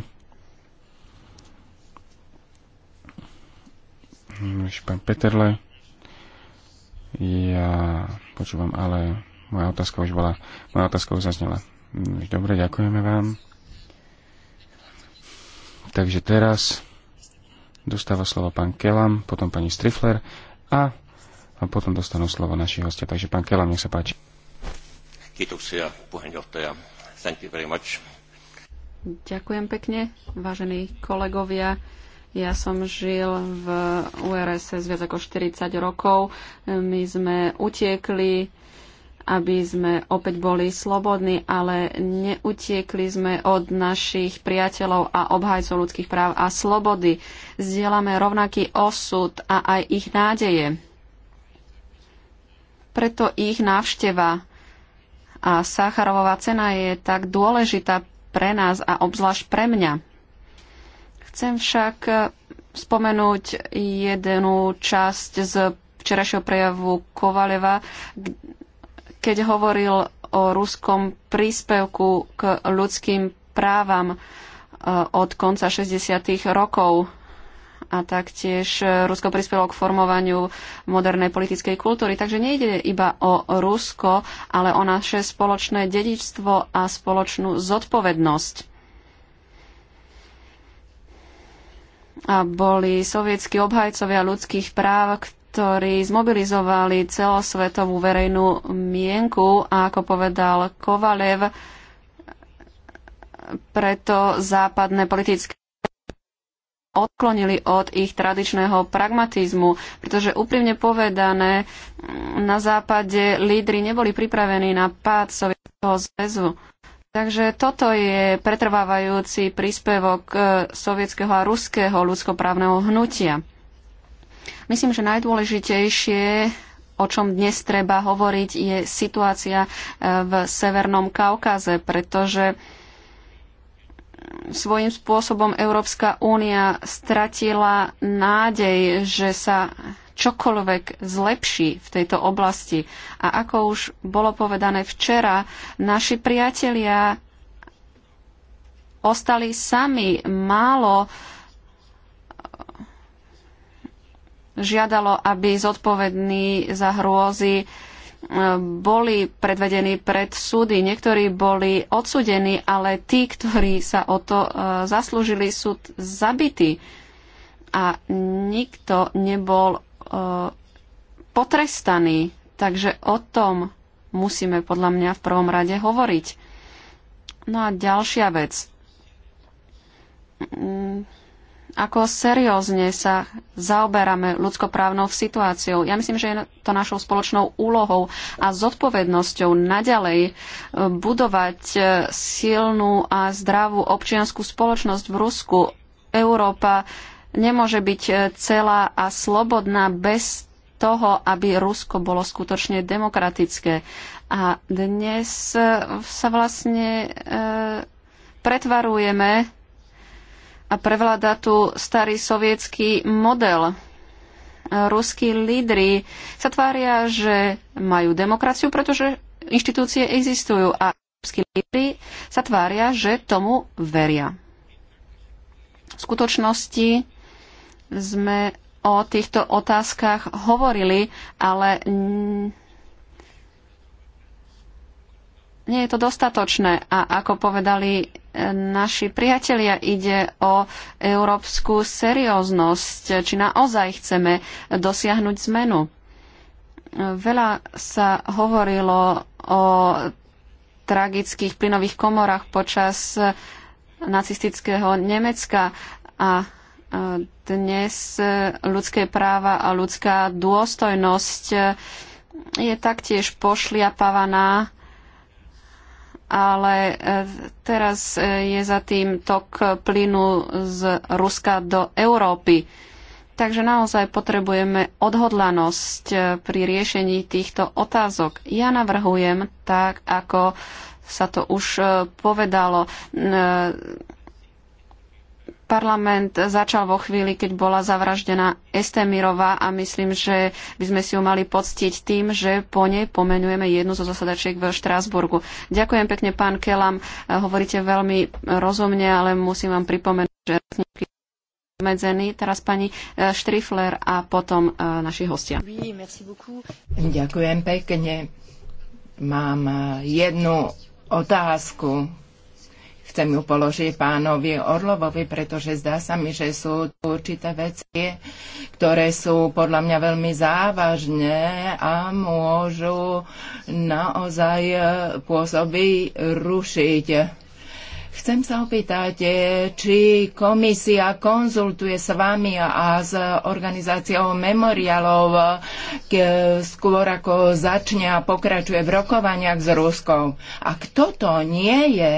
Speaker 3: už pán Peterle. Ja počúvam, ale moja otázka už bola, moja otázka už zaznela. Dobre, ďakujeme vám. Takže teraz dostáva slovo pán Kelam, potom pani Strifler a, potom dostanú slovo naši hostia. Takže pán Kelam, nech sa páči. Kiitoksia, puheenjohtaja. Thank you very much.
Speaker 2: Ďakujem pekne, vážení kolegovia. Ja som žil v URSS viac ako 40 rokov. My sme utiekli, aby sme opäť boli slobodní, ale neutiekli sme od našich priateľov a obhajcov ľudských práv a slobody. Zdieľame rovnaký osud a aj ich nádeje. Preto ich návšteva a Sacharovová cena je tak dôležitá pre nás a obzvlášť pre mňa Chcem však eh, spomenúť jednu časť z včerajšieho prejavu Kovaleva, keď hovoril o ruskom príspevku k ľudským právam eh, od konca 60. rokov a taktiež eh, Rusko prispelo k formovaniu modernej politickej kultúry. Takže nejde iba o Rusko, ale o naše spoločné dedičstvo a spoločnú zodpovednosť. boli sovietskí obhajcovia ľudských práv, ktorí zmobilizovali celosvetovú verejnú mienku a ako povedal Kovalev, preto západné politické odklonili od ich tradičného pragmatizmu, pretože úprimne povedané, na západe lídry neboli pripravení na pád Sovietskeho zväzu. Takže toto je pretrvávajúci príspevok e, sovietského a ruského ľudskoprávneho hnutia. Myslím, že najdôležitejšie, o čom dnes treba hovoriť, je situácia e, v Severnom Kaukaze, pretože svojím spôsobom Európska únia stratila nádej, že sa čokoľvek zlepší v tejto oblasti. A ako už bolo povedané včera, naši priatelia ostali sami. Málo eh, žiadalo, aby zodpovední za hrôzy eh, boli predvedení pred súdy. Niektorí boli odsudení, ale tí, ktorí sa o to eh, zaslúžili, sú zabití. A nikto nebol potrestaní. Takže o tom musíme podľa mňa v prvom rade hovoriť. No a ďalšia vec. Mm, ako seriózne sa zaoberáme ľudskoprávnou situáciou? Ja myslím, že je to našou spoločnou úlohou a zodpovednosťou naďalej e, budovať e, silnú a zdravú občianskú spoločnosť v Rusku. Európa nemôže byť e, celá a slobodná bez toho, aby Rusko bolo skutočne demokratické. A dnes e, sa vlastne e, pretvarujeme a prevláda tu starý sovietský model. E, ruskí lídri sa tvária, že majú demokraciu, pretože inštitúcie existujú a ruskí lídry sa tvária, že tomu veria. V skutočnosti sme o týchto otázkach hovorili, ale nie je to dostatočné. A ako povedali e, naši priatelia, ide o európsku serióznosť, či naozaj chceme dosiahnuť zmenu. Veľa sa hovorilo o tragických plynových komorách počas nacistického Nemecka a dnes e, ľudské práva a ľudská dôstojnosť e, je taktiež pošliapavaná, ale e, teraz je za tým tok plynu z Ruska do Európy. Takže naozaj potrebujeme odhodlanosť pri riešení týchto otázok. Ja navrhujem tak, ako sa to už povedalo Parlament začal vo chvíli, keď bola zavraždená Estemirová a myslím, že by sme si ju mali poctiť tým, že po nej pomenujeme jednu zo zasadačiek v Štrásburgu. Ďakujem pekne, pán Kelam. Hovoríte veľmi rozumne, ale musím vám pripomenúť, že obmedzený. Teraz pani eh, Štrifler a potom eh, naši hostia.
Speaker 1: Ďakujem pekne. Mám eh, jednu otázku Chcem ju položiť pánovi Orlovovi, pretože zdá sa mi, že sú tu určité veci, ktoré sú podľa mňa veľmi závažné a môžu naozaj pôsoby rušiť. Chcem sa opýtať, či komisia konzultuje s vami a s organizáciou memoriálov skôr ako začne a pokračuje v rokovaniach s Ruskou. A kto to nie je,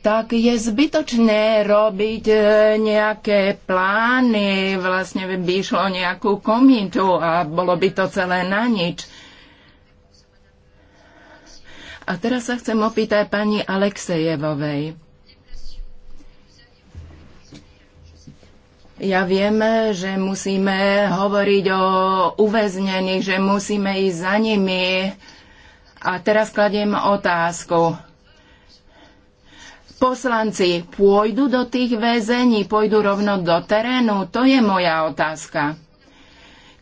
Speaker 1: tak je zbytočné robiť e, nejaké plány, vlastne by išlo nejakú komitu a bolo by to celé na nič. A teraz sa chcem opýtať pani Alexejevovej. Ja viem, že musíme hovoriť o uväznených, že musíme ísť za nimi. A teraz kladiem otázku poslanci pôjdu do tých väzení, pôjdu rovno do terénu? To je moja otázka.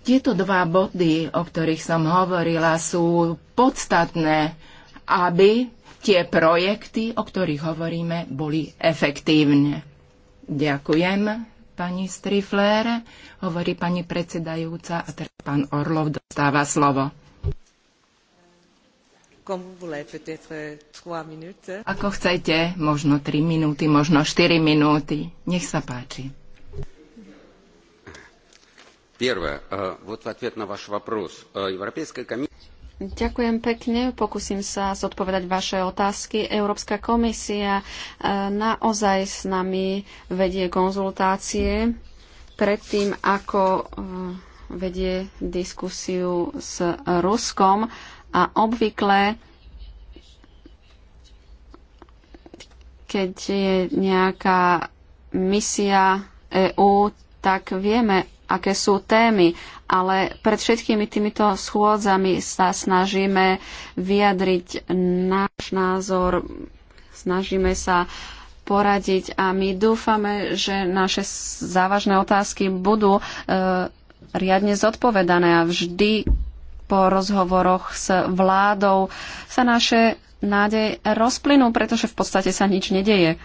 Speaker 1: Tieto dva body, o ktorých som hovorila, sú podstatné, aby tie projekty, o ktorých hovoríme, boli efektívne. Ďakujem, pani Strifler, hovorí pani predsedajúca a teraz pán Orlov dostáva slovo.
Speaker 2: Euh,
Speaker 1: ako chcete, možno 3 minúty, možno 4 minúty. Nech sa páči.
Speaker 3: Э, э,
Speaker 2: Ďakujem pekne. Pokúsim sa zodpovedať vaše otázky. Európska komisia e, naozaj s nami vedie konzultácie predtým, ako e, vedie diskusiu s Ruskom a obvykle keď je nejaká misia EÚ, tak vieme, aké sú témy, ale pred všetkými týmito schôdzami sa snažíme vyjadriť náš názor, snažíme sa poradiť a my dúfame, že naše závažné otázky budú e, riadne zodpovedané a vždy po rozhovoroch s vládou sa naše nádej rozplynú, pretože v podstate sa nič nedeje.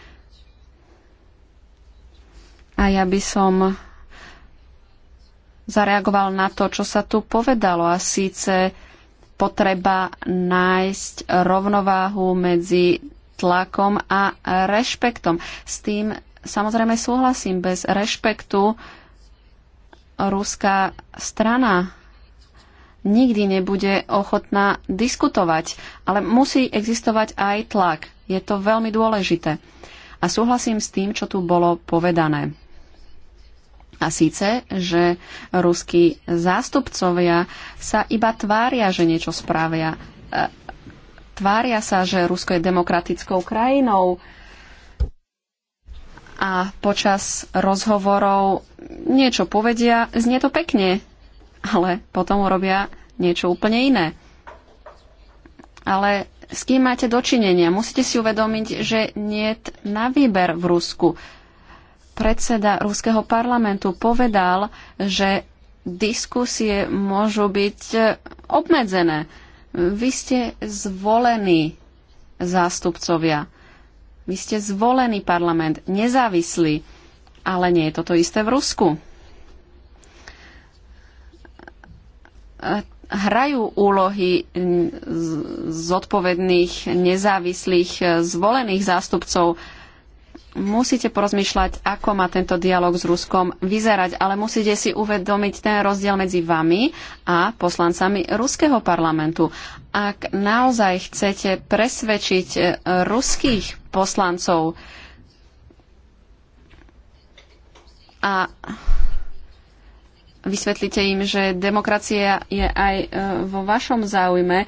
Speaker 2: A ja by som zareagoval na to, čo sa tu povedalo a síce potreba nájsť rovnováhu medzi tlakom a rešpektom. S tým samozrejme súhlasím. Bez rešpektu ruská strana nikdy nebude ochotná diskutovať, ale musí existovať aj tlak. Je to veľmi dôležité. A súhlasím s tým, čo tu bolo povedané. A síce, že ruskí zástupcovia sa iba tvária, že niečo spravia. E, tvária sa, že Rusko je demokratickou krajinou. A počas rozhovorov niečo povedia, znie to pekne, ale potom urobia niečo úplne iné. Ale s kým máte dočinenia? Musíte si uvedomiť, že nie na výber v Rusku. Predseda Ruského parlamentu povedal, že diskusie môžu byť e, obmedzené. Vy ste zvolení zástupcovia. Vy ste zvolený parlament, nezávislý, ale nie je toto isté v Rusku. hrajú úlohy zodpovedných, nezávislých, zvolených zástupcov. Musíte porozmýšľať, ako má tento dialog s Ruskom vyzerať, ale musíte si uvedomiť ten rozdiel medzi vami a poslancami Ruského parlamentu. Ak naozaj chcete presvedčiť ruských poslancov a vysvetlíte im, že demokracia je aj e, vo vašom záujme,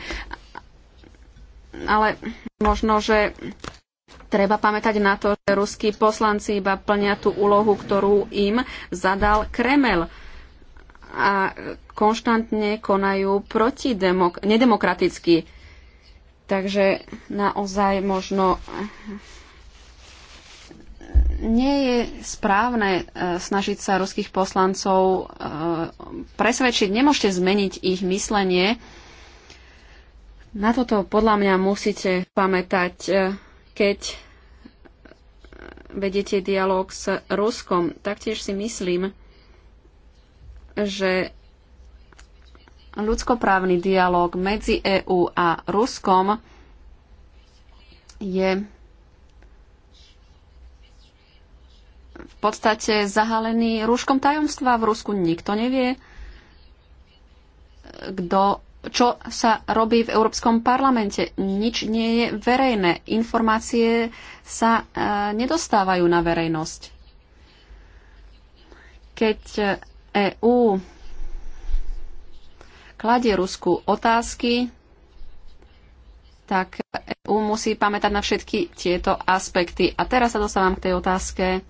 Speaker 2: ale možno, že treba pamätať na to, že ruskí poslanci iba plnia tú úlohu, ktorú im zadal kremel a konštantne konajú proti nedemokraticky. Takže naozaj možno nie je správne e, snažiť sa ruských poslancov e, presvedčiť. Nemôžete zmeniť ich myslenie. Na toto podľa mňa musíte pamätať, e, keď vedete dialog s Ruskom. Taktiež si myslím, že ľudskoprávny dialog medzi EÚ a Ruskom je v podstate zahalený rúškom tajomstva. V Rusku nikto nevie, kto čo sa robí v Európskom parlamente. Nič nie je verejné. Informácie sa e, nedostávajú na verejnosť. Keď EÚ kladie Rusku otázky, tak EU musí pamätať na všetky tieto aspekty. A teraz sa dostávam k tej otázke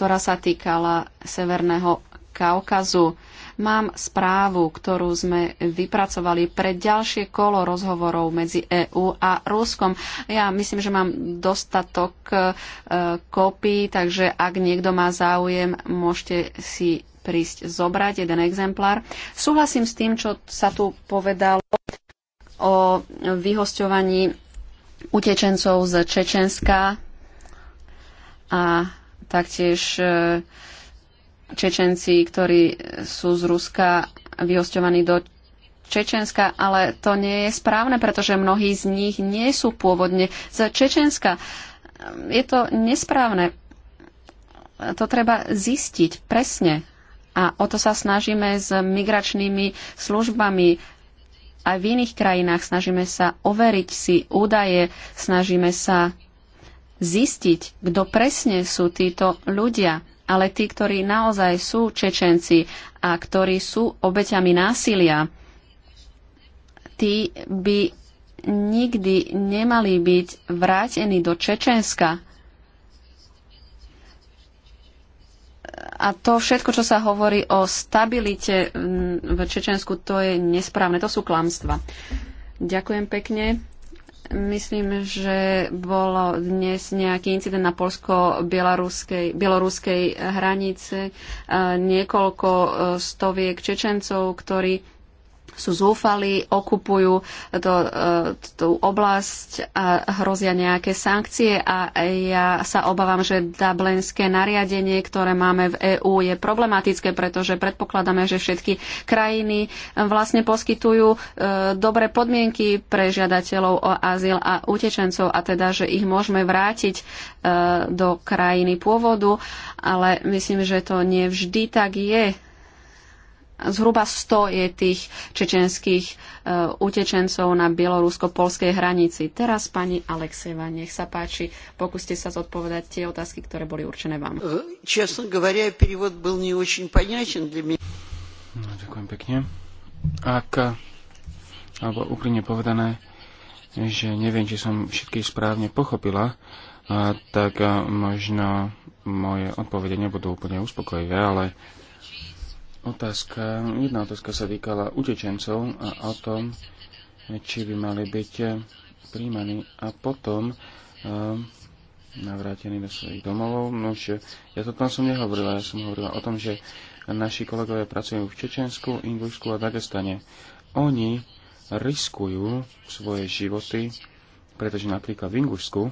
Speaker 2: ktorá sa týkala Severného Kaukazu. Mám správu, ktorú sme vypracovali pre ďalšie kolo rozhovorov medzi EÚ a Ruskom. Ja myslím, že mám dostatok e, kópií, takže ak niekto má záujem, môžete si prísť zobrať jeden exemplár. Súhlasím s tým, čo sa tu povedalo o vyhosťovaní utečencov z Čečenska a taktiež e, Čečenci, ktorí sú z Ruska vyhostovaní do Čečenska, ale to nie je správne, pretože mnohí z nich nie sú pôvodne z Čečenska. Je to nesprávne. To treba zistiť presne. A o to sa snažíme s migračnými službami aj v iných krajinách. Snažíme sa overiť si údaje, snažíme sa zistiť, kto presne sú títo ľudia, ale tí, ktorí naozaj sú Čečenci a ktorí sú obeťami násilia, tí by nikdy nemali byť vrátení do Čečenska. A to všetko, čo sa hovorí o stabilite v Čečensku, to je nesprávne, to sú klamstva. Ďakujem pekne. Myslím, že bolo dnes nejaký incident na polsko-bieloruskej hranice. Eh, niekoľko eh, stoviek Čečencov, ktorí sú zúfali, okupujú to, e, tú oblasť a hrozia nejaké sankcie a ja sa obávam, že dublinské nariadenie, ktoré máme v EÚ, je problematické, pretože predpokladáme, že všetky krajiny vlastne poskytujú e, dobré podmienky pre žiadateľov o azyl a utečencov a teda, že ich môžeme vrátiť e, do krajiny pôvodu, ale myslím, že to nevždy tak je Zhruba 100 je tých čečenských e, utečencov na bielorusko-polskej hranici. Teraz, pani Alexeva, nech sa páči, pokúste sa zodpovedať tie otázky, ktoré boli určené vám.
Speaker 3: Честно говоря, перевод был не очень понятен для меня. No, ďakujem pekne. Ak, alebo úplne povedané, že neviem, či som všetky správne pochopila, tak možno moje odpovede nebudú úplne uspokojivé, ale otázka, jedna otázka sa týkala utečencov a o tom, či by mali byť príjmaní a potom eh, navrátení do svojich domovov. No, že ja to tam som nehovorila, ja som hovorila o tom, že naši kolegovia pracujú v Čečensku, Ingusku a Dagestane. Oni riskujú svoje životy, pretože napríklad v Ingušsku,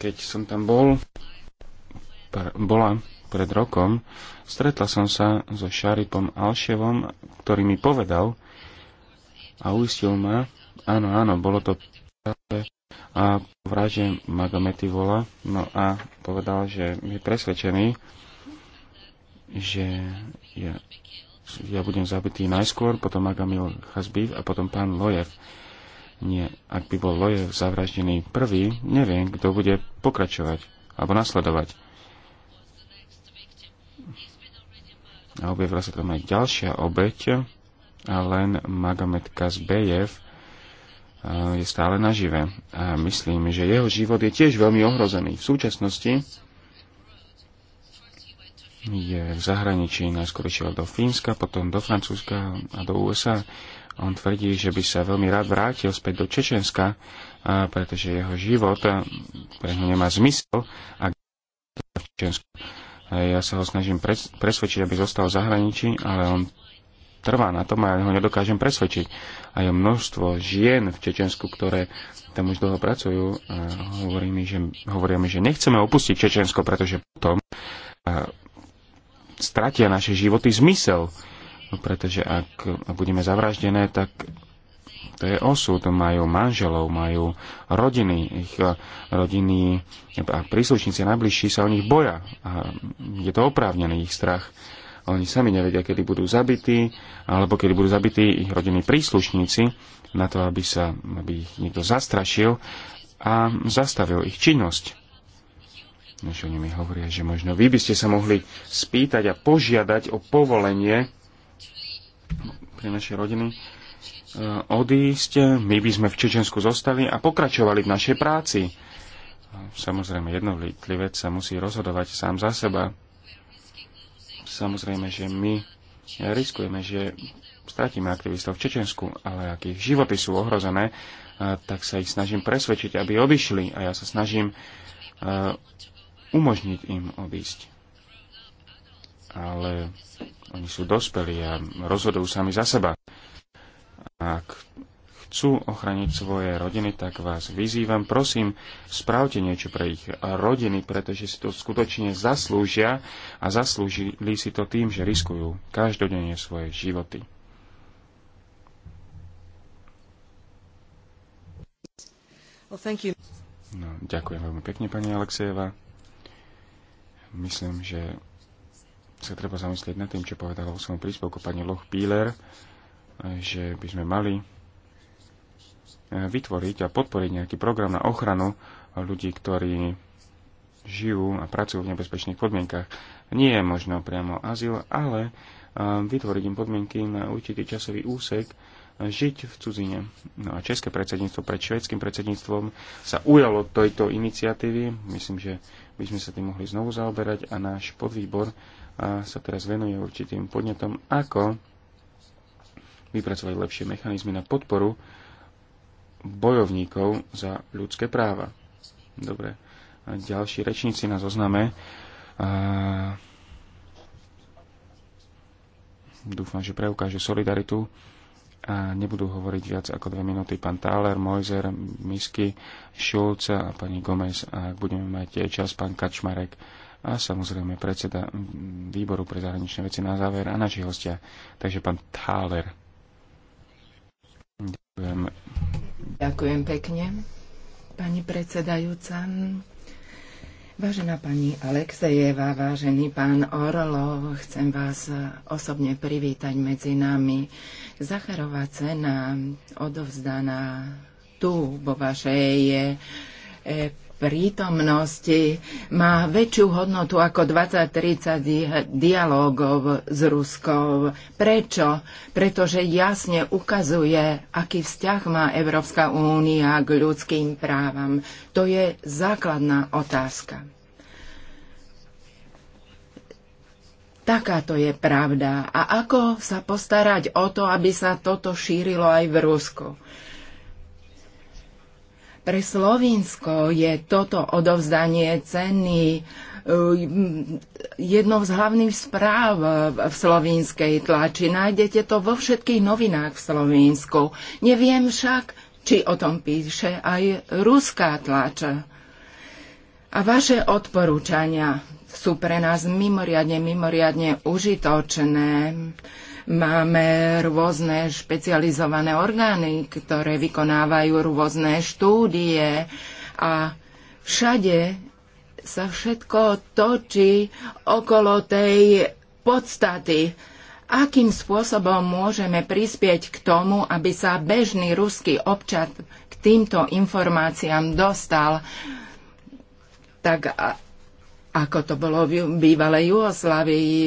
Speaker 3: keď som tam bol, bola pred rokom, stretla som sa so Šaripom Alševom, ktorý mi povedal a uistil ma, áno, áno, bolo to práve a vraže Magomety vola, no a povedal, že je presvedčený, že ja, ja budem zabitý najskôr, potom Magamil Chazbív a potom pán Lojev. Nie, ak by bol Lojev zavraždený prvý, neviem, kto bude pokračovať alebo nasledovať. A objavila sa tam aj ďalšia obeť, len Magomed Kazbejev je stále nažive. A myslím, že jeho život je tiež veľmi ohrozený. V súčasnosti je v zahraničí, najskôr išiel do Fínska, potom do Francúzska a do USA. On tvrdí, že by sa veľmi rád vrátil späť do Čečenska, pretože jeho život pre ňu nemá zmysel, ak v Čečensku ja sa ho snažím presvedčiť, aby zostal v zahraničí, ale on trvá na tom a ja ho nedokážem presvedčiť. A je množstvo žien v Čečensku, ktoré tam už dlho pracujú a hovorí mi, že, hovoria mi, že nechceme opustiť Čečensko, pretože potom a, stratia naše životy zmysel. No, pretože ak budeme zavraždené, tak to je osud, majú manželov, majú rodiny, ich eh, rodiny a príslušníci najbližší sa o nich boja. A je to oprávnený ich strach. Oni sami nevedia, kedy budú zabití, alebo kedy budú zabití ich rodiny príslušníci, na to, aby, sa, aby ich niekto zastrašil a zastavil ich činnosť. Než oni mi hovoria, že možno vy by ste sa mohli spýtať a požiadať o povolenie pre naše rodiny, E, odísť, my by sme v Čečensku zostali a pokračovali v našej práci. Samozrejme, jednotlivec sa musí rozhodovať sám za seba. Samozrejme, že my riskujeme, že stratíme aktivistov v Čečensku, ale ak ich životy sú ohrozené, e, tak sa ich snažím presvedčiť, aby odišli a ja sa snažím e, umožniť im odísť. Ale oni sú dospelí a rozhodujú sami za seba ak chcú ochraniť svoje rodiny, tak vás vyzývam, prosím, spravte niečo pre ich rodiny, pretože si to skutočne zaslúžia a zaslúžili si to tým, že riskujú každodenne svoje životy. Well, no, ďakujem veľmi pekne, pani Alexejeva. Myslím, že sa treba zamyslieť nad tým, čo povedala o svojom príspevku pani Loch Píler že by sme mali e, vytvoriť a podporiť nejaký program na ochranu ľudí, ktorí žijú a pracujú v nebezpečných podmienkach. Nie je možno priamo azyl, ale e, vytvoriť im podmienky na určitý časový úsek e, žiť v cudzine. No a české predsedníctvo pred švedským predsedníctvom sa ujalo tejto iniciatívy. Myslím, že by sme sa tým mohli znovu zaoberať a náš podvýbor sa teraz venuje určitým podnetom, ako vypracovať lepšie mechanizmy na podporu bojovníkov za ľudské práva. Dobre. A ďalší rečníci na zozname. A... Dúfam, že preukáže solidaritu a nebudú hovoriť viac ako dve minúty pán Thaler, Mojzer, Misky, Šulc a pani Gomez a ak budeme mať čas pán Kačmarek a samozrejme predseda výboru pre zahraničné veci na záver a naši hostia. Takže pán Thaler. Ďakujem.
Speaker 1: Ďakujem pekne, pani predsedajúca. Vážená pani Alexejeva, vážený pán Orlov, chcem vás osobne privítať medzi nami. Zacharová cena odovzdaná tu vo vašej eh, prítomnosti má väčšiu hodnotu ako 20-30 dialogov s Ruskou. Prečo? Pretože jasne ukazuje, aký vzťah má Európska únia k ľudským právam. To je základná otázka. Takáto je pravda. A ako sa postarať o to, aby sa toto šírilo aj v Rusku? Pre Slovinsko je toto odovzdanie ceny eh, jednou z hlavných správ v slovínskej tlači. Nájdete to vo všetkých novinách v Slovensku. Neviem však, či o tom píše aj ruská tlač. A vaše odporúčania sú pre nás mimoriadne, mimoriadne užitočné. Máme rôzne špecializované orgány, ktoré vykonávajú rôzne štúdie a všade sa všetko točí okolo tej podstaty akým spôsobom môžeme prispieť k tomu, aby sa bežný ruský občan k týmto informáciám dostal, tak ako to bolo v bývalej Jugoslavii,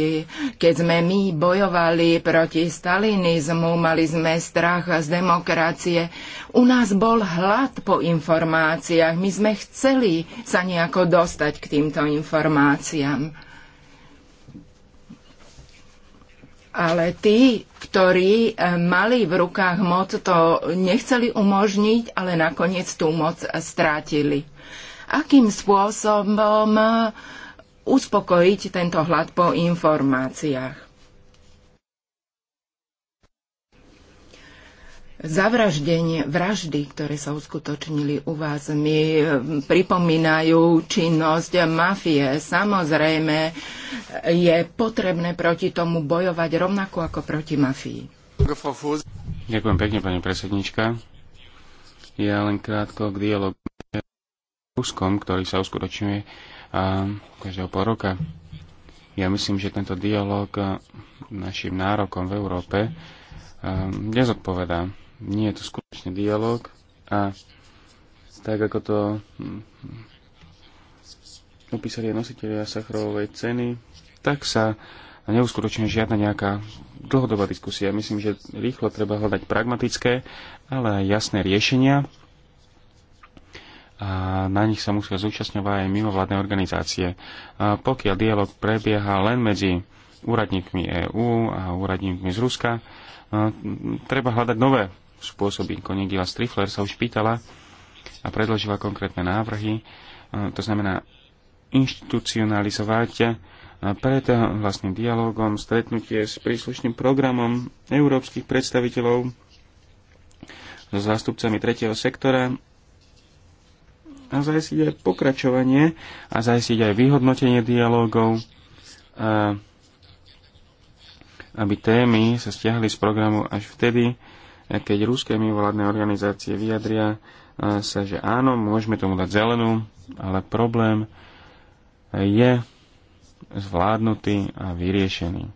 Speaker 1: keď sme my bojovali proti stalinizmu, mali sme strach z demokracie. U nás bol hlad po informáciách, my sme chceli sa nejako dostať k týmto informáciám. Ale tí, ktorí eh, mali v rukách moc, to nechceli umožniť, ale nakoniec tú moc strátili akým spôsobom eh, uspokojiť tento hlad po informáciách. Zavraždenie, vraždy, ktoré sa uskutočnili u vás, mi eh, pripomínajú činnosť mafie. Samozrejme, je potrebné proti tomu bojovať rovnako ako proti mafii.
Speaker 3: Ďakujem pekne, pani predsednička. Ja len krátko k dialogu Ruskom, ktorý sa uskutočňuje každého pol roka. Ja myslím, že tento dialog našim nárokom v Európe nezodpovedá. Nie je to skutočný dialog a tak ako to hm, hm, opísali nositeľia Sacharovej ceny, tak sa neuskutočne žiadna nejaká dlhodobá diskusia. Myslím, že rýchlo treba hľadať pragmatické, ale aj jasné riešenia a na nich sa musia zúčastňovať aj mimovládne organizácie. A pokiaľ dialog prebieha len medzi úradníkmi EÚ a úradníkmi z Ruska, a treba hľadať nové spôsoby. Konigila Strifler sa už pýtala a predložila konkrétne návrhy, a to znamená inštitucionalizovať pred vlastným dialogom, stretnutie s príslušným programom európskych predstaviteľov so zástupcami tretieho sektora a zajistiť aj pokračovanie a zajistiť aj vyhodnotenie dialogov, a aby témy sa stiahli z programu až vtedy, keď ruské mimovládne organizácie vyjadria sa, že áno, môžeme tomu dať zelenú, ale problém je zvládnutý a vyriešený.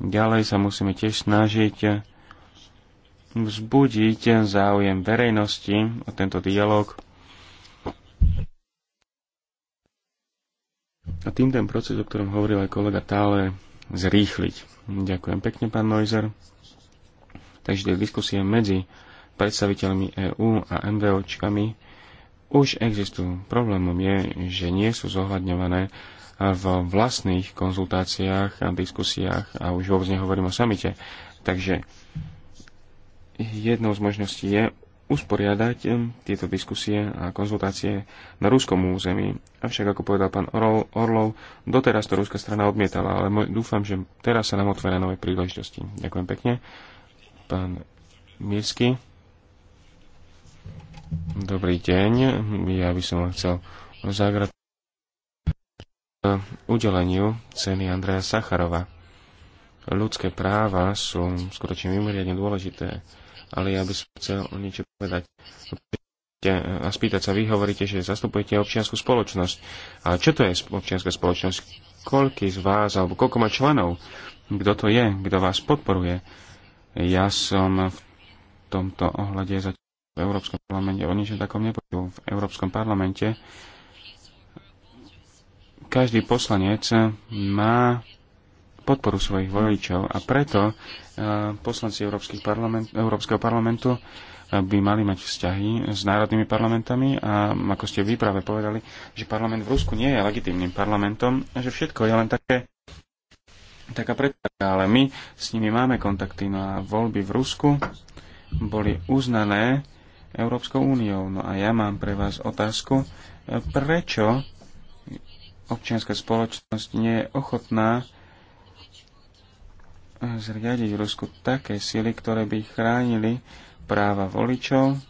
Speaker 3: Ďalej sa musíme tiež snažiť vzbudiť záujem verejnosti o tento dialog a tým ten proces, o ktorom hovoril aj kolega Tále, zrýchliť. Ďakujem pekne, pán Neuser. Takže tie diskusie medzi predstaviteľmi EÚ a MVOčkami už existujú. Problémom je, že nie sú zohľadňované v vlastných konzultáciách a diskusiách a už vôbec nehovorím o samite. Takže jednou z možností je usporiadať eh, tieto diskusie a konzultácie na ruskom území. Avšak, ako povedal pán Orlov, Orlov doteraz to ruská strana odmietala, ale dúfam, že teraz sa nám otvára nové príležitosti. Ďakujem pekne. Pán Mirsky. Dobrý deň. Ja by som vám chcel zagratulovať udeleniu ceny Andreja Sacharova. Ľudské práva sú skutočne mimoriadne dôležité ale ja by som chcel niečo povedať a spýtať sa, vy hovoríte, že zastupujete občianskú spoločnosť. A čo to je občianská spoločnosť? Koľký z vás, alebo koľko má členov? Kto to je? Kto vás podporuje? Ja som v tomto ohľade zatiaľ v Európskom parlamente o ničom takom nepočul. V Európskom parlamente každý poslanec má podporu svojich voličov a preto e, poslanci parlament, Európskeho parlamentu e, by mali mať vzťahy s národnými parlamentami a ako ste vy práve povedali, že parlament v Rusku nie je legitímnym parlamentom a že všetko je len také taká predstava, ale my s nimi máme kontakty na no voľby v Rusku boli uznané Európskou úniou. No a ja mám pre vás otázku, e, prečo občianská spoločnosť nie je ochotná zriadiť v Rusku také sily, ktoré by chránili práva voličov.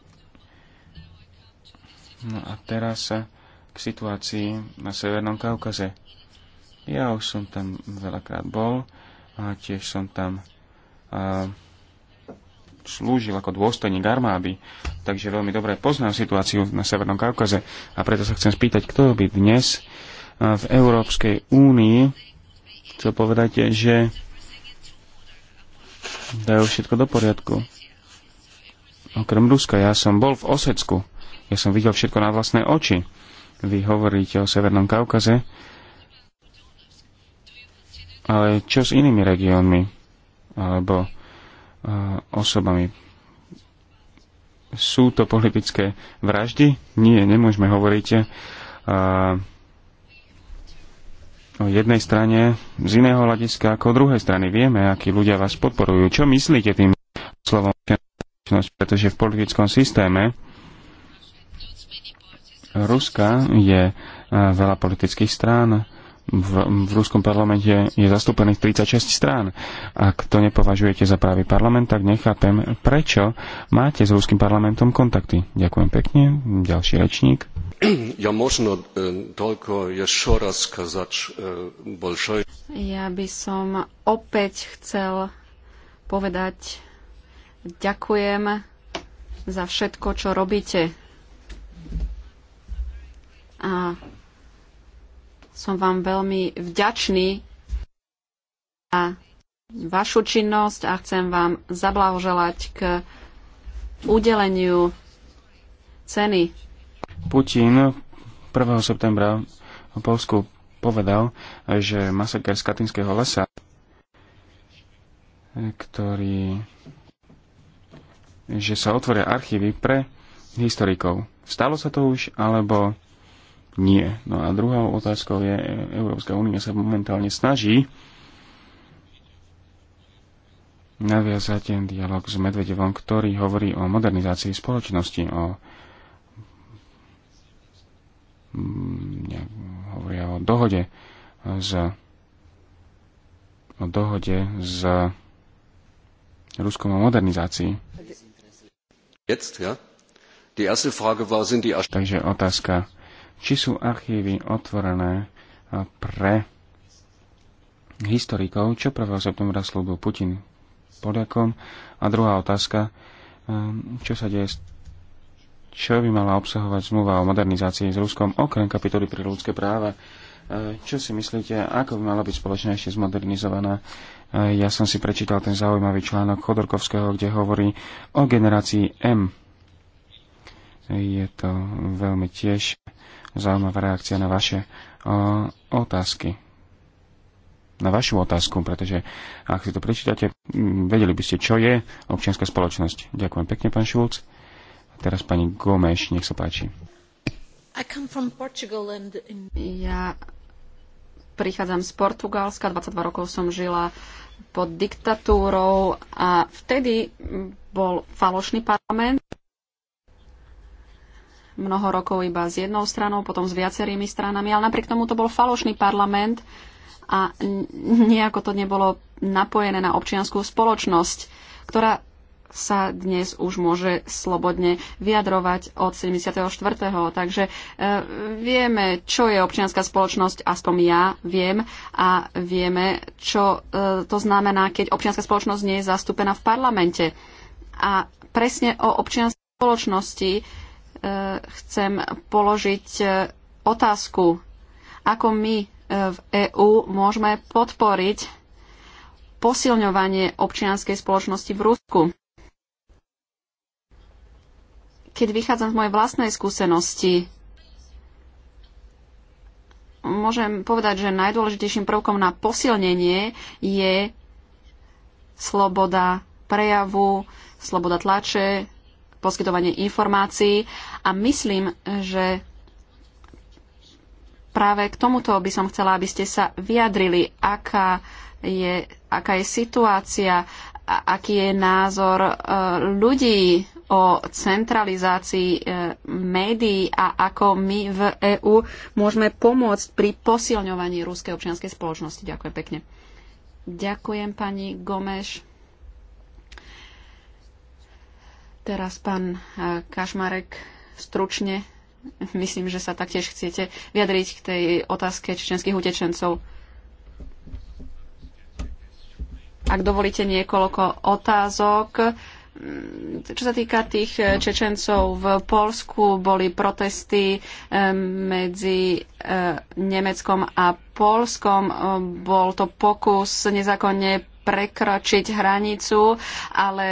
Speaker 3: No a teraz sa k situácii na Severnom Kaukaze. Ja už som tam veľakrát bol a tiež som tam a, slúžil ako dôstojník armády, takže veľmi dobre poznám situáciu na Severnom Kaukaze a preto sa chcem spýtať, kto by dnes v Európskej únii chcel povedať, že dajú všetko do poriadku. Okrem Ruska, ja som bol v Osecku. Ja som videl všetko na vlastné oči. Vy hovoríte o Severnom Kaukaze, ale čo s inými regiónmi alebo uh, osobami? Sú to politické vraždy? Nie, nemôžeme hovoriť uh, O jednej strane z iného hľadiska ako druhej strany. Vieme, akí ľudia vás podporujú. Čo myslíte tým slovom pretože v politickom systéme Ruska je e, veľa politických strán, v, v ruskom parlamente je zastúpených 36 strán. Ak to nepovažujete za právý parlament, tak nechápem, prečo máte s ruským parlamentom kontakty. Ďakujem pekne. Ďalší rečník.
Speaker 2: Ja možno e, toľko ešte raz kazať e, Ja by som opäť chcel povedať ďakujem za všetko, čo robíte. A som vám veľmi vďačný za vašu činnosť a chcem vám zablahoželať k udeleniu ceny
Speaker 3: Putin 1. septembra v Polsku povedal, že masaker z Katinského lesa, ktorý že sa otvoria archívy pre historikov. Stalo sa to už, alebo nie? No a druhou otázkou je, Európska únia sa momentálne snaží naviazať ten dialog s Medvedevom, ktorý hovorí o modernizácii spoločnosti, o Mm, hovoria o dohode z o dohode z Ruskom o modernizácii. Takže otázka, či sú archívy otvorené pre historikov, čo 1. septembra slúbil Putin Poliakom. A druhá otázka, čo sa deje s čo by mala obsahovať zmluva o modernizácii s Ruskom, okrem kapitoly pre ľudské práva. E, čo si myslíte, ako by mala byť spoločne ešte zmodernizovaná? E, ja som si prečítal ten zaujímavý článok Chodorkovského, kde hovorí o generácii M. Je to veľmi tiež zaujímavá reakcia na vaše otázky. Na vašu otázku, pretože ak si to prečítate, vedeli by ste, čo je občianská spoločnosť. Ďakujem pekne, pán Šulc. Teraz pani Gomeš, nech sa páči.
Speaker 2: Ja prichádzam z Portugalska, 22 rokov som žila pod diktatúrou a vtedy bol falošný parlament. Mnoho rokov iba s jednou stranou, potom s viacerými stranami, ale napriek tomu to bol falošný parlament a nejako to nebolo napojené na občianskú spoločnosť, ktorá sa dnes už môže slobodne vyjadrovať od 74. Takže e, vieme, čo je občianská spoločnosť, aspoň ja viem, a vieme, čo e, to znamená, keď občianská spoločnosť nie je zastúpená v parlamente. A presne o občianskej spoločnosti e, chcem položiť e, otázku, ako my e, v EÚ môžeme podporiť posilňovanie občianskej spoločnosti v Rusku keď vychádzam z mojej vlastnej skúsenosti, môžem povedať, že najdôležitejším prvkom na posilnenie je sloboda prejavu, sloboda tlače, poskytovanie informácií a myslím, že práve k tomuto by som chcela, aby ste sa vyjadrili, aká je, aká je situácia, aký je názor e, ľudí o centralizácii e, médií a ako my v EÚ môžeme pomôcť pri posilňovaní rúskej občianskej spoločnosti. Ďakujem pekne. Ďakujem pani Gomeš. Teraz pán e, Kašmarek stručne. Myslím, že sa taktiež chcete vyjadriť k tej otázke čečenských utečencov. Ak dovolíte niekoľko otázok, Mm, čo sa týka tých eh, Čečencov, v Polsku boli protesty eh, medzi eh, Nemeckom a Polskom. Bol to pokus nezákonne prekročiť hranicu, ale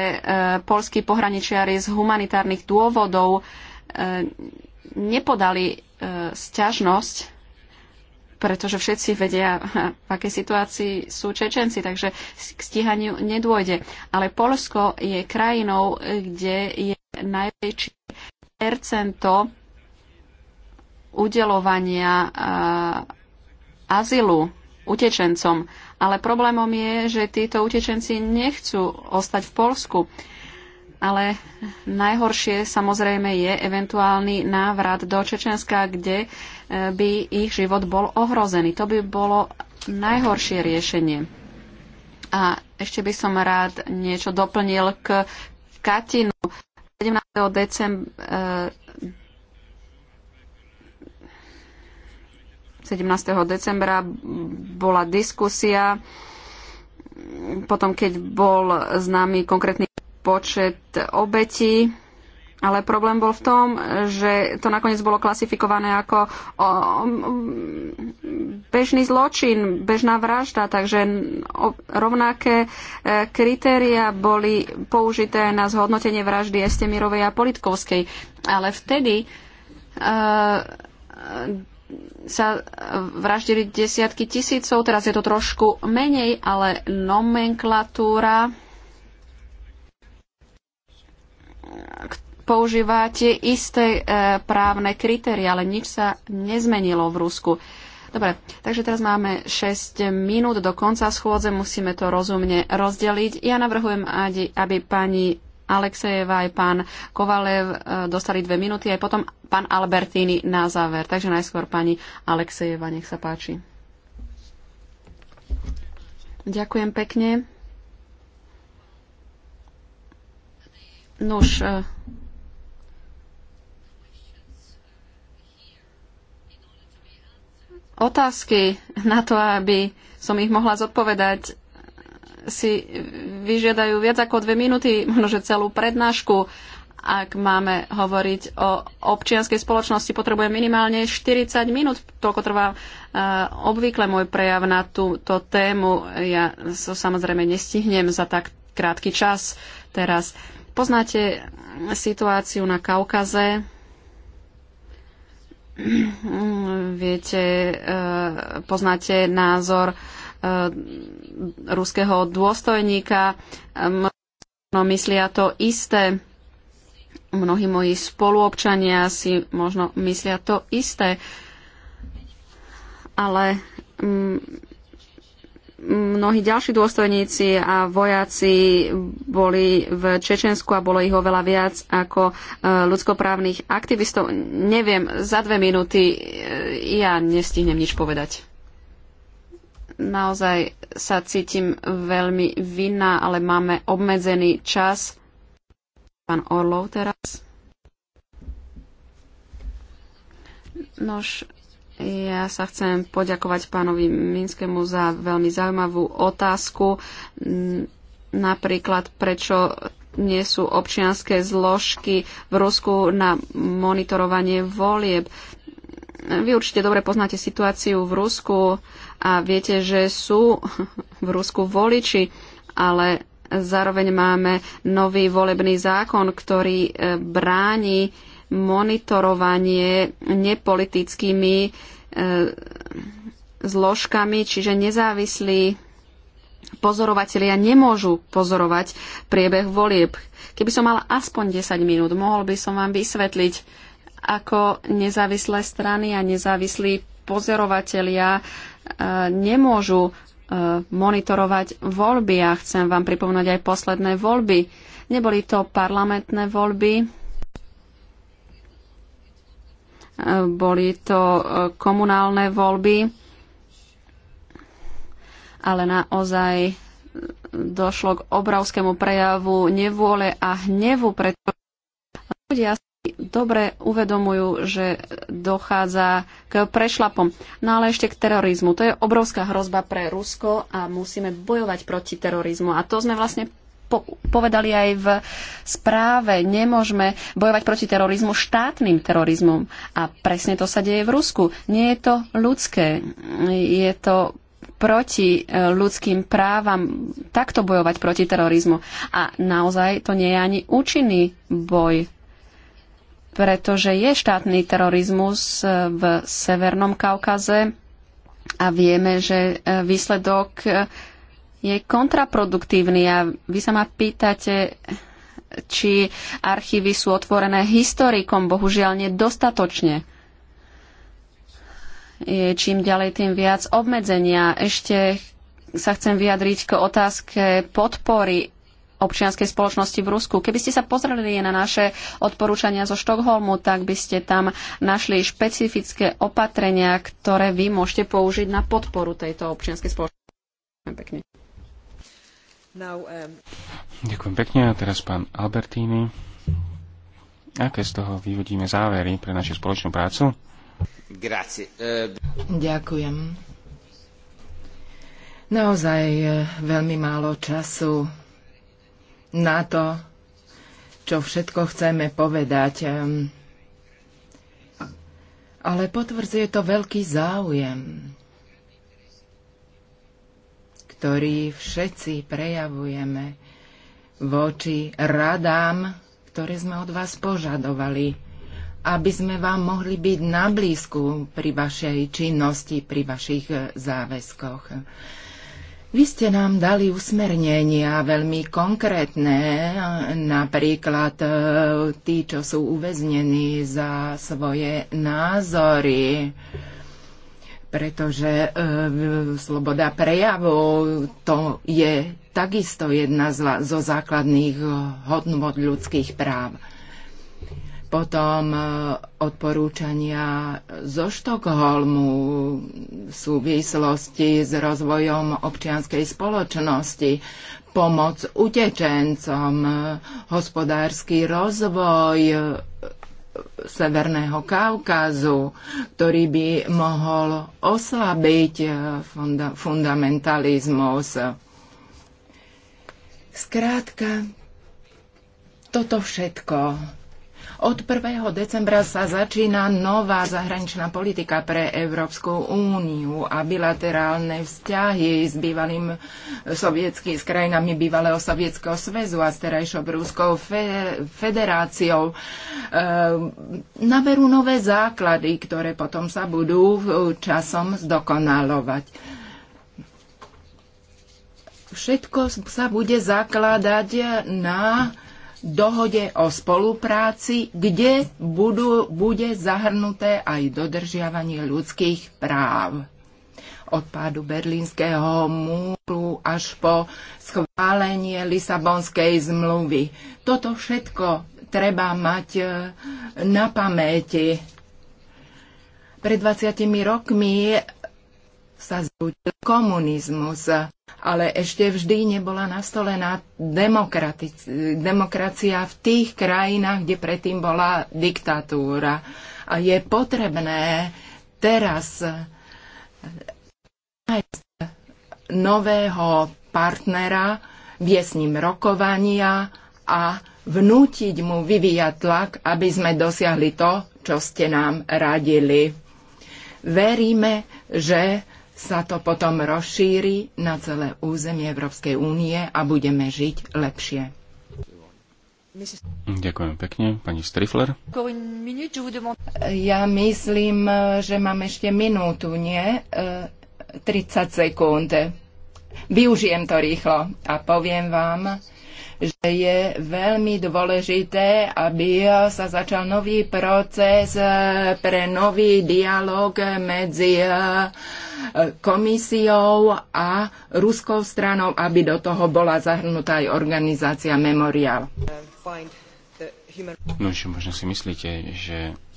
Speaker 2: polskí pohraničiari z humanitárnych dôvodov nepodali sťažnosť pretože všetci vedia, [LAUGHS] v akej situácii sú Čečenci, takže k stíhaniu nedôjde. Ale Polsko je krajinou, kde je najväčšie percento udelovania eh, azylu utečencom. Ale problémom je, že títo utečenci nechcú ostať v Polsku. Ale najhoršie samozrejme je eventuálny návrat do Čečenska, kde e, by ich život bol ohrozený. To by bolo najhoršie riešenie. A ešte by som rád niečo doplnil k Katinu. 17. decembra 17. decembra bola diskusia, potom keď bol známy konkrétny počet obetí. Ale problém bol v tom, že to nakoniec bolo klasifikované ako um, bežný zločin, bežná vražda, takže rovnaké e, kritéria boli použité na zhodnotenie vraždy Estemirovej a Politkovskej. Ale vtedy e, e, sa vraždili desiatky tisícov, teraz je to trošku menej, ale nomenklatúra používate tie isté e, právne kritéria, ale nič sa nezmenilo v Rusku. Dobre, takže teraz máme 6 minút do konca schôdze, musíme to rozumne rozdeliť. Ja navrhujem, aby pani Alexejeva aj pán Kovalev e, dostali dve minúty, aj potom pán Albertini na záver. Takže najskôr pani Alexejeva, nech sa páči. Ďakujem pekne. Nuž, e, otázky na to, aby som ich mohla zodpovedať, si vyžiadajú viac ako dve minúty, možno že celú prednášku. Ak máme hovoriť o občianskej spoločnosti, potrebujem minimálne 40 minút. Toľko trvá uh, obvykle môj prejav na túto tému. Ja so, samozrejme nestihnem za tak krátky čas teraz. Uh, Poznáte situáciu na Kaukaze. Viete, eh, poznáte názor eh, ruského dôstojníka. No, myslia to isté. Mnohí moji spoluobčania si možno myslia to isté. Ale mm, mnohí ďalší dôstojníci a vojaci boli v Čečensku a bolo ich oveľa viac ako e, ľudskoprávnych aktivistov. Neviem, za dve minúty e, ja nestihnem nič povedať. Naozaj sa cítim veľmi vinná, ale máme obmedzený čas. Pán Orlov teraz. Nož, ja sa chcem poďakovať pánovi Minskému za veľmi zaujímavú otázku. Napríklad, prečo nie sú občianské zložky v Rusku na monitorovanie volieb. Vy určite dobre poznáte situáciu v Rusku a viete, že sú [LAUGHS] v Rusku voliči, ale zároveň máme nový volebný zákon, ktorý e, bráni monitorovanie nepolitickými e, zložkami, čiže nezávislí pozorovatelia nemôžu pozorovať priebeh volieb. Keby som mala aspoň 10 minút, mohol by som vám vysvetliť, ako nezávislé strany a nezávislí pozorovatelia e, nemôžu e, monitorovať voľby. A chcem vám pripomínať aj posledné voľby. Neboli to parlamentné voľby, boli to e, komunálne voľby, ale naozaj došlo k obrovskému prejavu nevôle a hnevu, pretože ľudia si dobre uvedomujú, že dochádza k prešlapom. No ale ešte k terorizmu. To je obrovská hrozba pre Rusko a musíme bojovať proti terorizmu. A to sme vlastne po- povedali aj v správe. Nemôžeme bojovať proti terorizmu štátnym terorizmom. A presne to sa deje v Rusku. Nie je to ľudské. Je to proti e, ľudským právam, takto bojovať proti terorizmu. A naozaj to nie je ani účinný boj, pretože je štátny terorizmus e, v Severnom Kaukaze a vieme, že e, výsledok je kontraproduktívny a vy sa ma pýtate, či archívy sú otvorené historikom, bohužiaľ nedostatočne. Je čím ďalej, tým viac obmedzenia. Ešte sa chcem vyjadriť k otázke podpory občianskej spoločnosti v Rusku. Keby ste sa pozreli na naše odporúčania zo Štokholmu, tak by ste tam našli špecifické opatrenia, ktoré vy môžete použiť na podporu tejto občianskej spoločnosti. Pekne.
Speaker 3: Um, Ďakujem pekne. A teraz pán Albertini. Aké z toho vyvodíme závery pre našu spoločnú prácu? Eh,
Speaker 1: Ďakujem. Naozaj eh, veľmi málo času na to, čo všetko chceme povedať. Ale potvrdzuje to veľký záujem ktorý všetci prejavujeme voči radám, ktoré sme od vás požadovali, aby sme vám mohli byť na blízku pri vašej činnosti, pri vašich záväzkoch. Vy ste nám dali usmernenia veľmi konkrétne, napríklad e, tí, čo sú uväznení za svoje názory pretože e, sloboda prejavu to je takisto jedna z, zo základných hodnot ľudských práv. Potom e, odporúčania zo Štokholmu v súvislosti s rozvojom občianskej spoločnosti, pomoc utečencom, e, hospodársky rozvoj, Severného Kaukázu, ktorý by mohol oslabiť eh, funda- fundamentalizmus. Skrátka, toto všetko od 1. decembra sa začína nová zahraničná politika pre Európsku úniu a bilaterálne vzťahy s bývalým sovietským, s krajinami bývalého sovietského sväzu a s terajšou fe, federáciou e, naberú nové základy, ktoré potom sa budú časom zdokonalovať všetko sa bude zakladať na dohode o spolupráci, kde budú, bude zahrnuté aj dodržiavanie ľudských práv od pádu berlínskeho múru až po schválenie Lisabonskej zmluvy. Toto všetko treba mať e, na pamäti. Pred 20 rokmi sa zrútil komunizmus ale ešte vždy nebola nastolená demokracia v tých krajinách, kde predtým bola diktatúra. A je potrebné teraz nájsť nového partnera, viesť s ním rokovania a vnútiť mu vyvíjať tlak, aby sme dosiahli to, čo ste nám radili. Veríme, že sa to potom rozšíri na celé územie Európskej únie a budeme žiť lepšie.
Speaker 3: Ďakujem pekne. Pani Strifler?
Speaker 1: Ja myslím, že mám ešte minútu, nie? 30 e, sekúnd. Využijem to rýchlo a poviem vám, že je veľmi dôležité, aby sa začal nový proces eh, pre nový dialog medzi eh, komisiou a ruskou stranou, aby do toho bola zahrnutá aj organizácia Memorial.
Speaker 3: No, čo možno si myslíte, že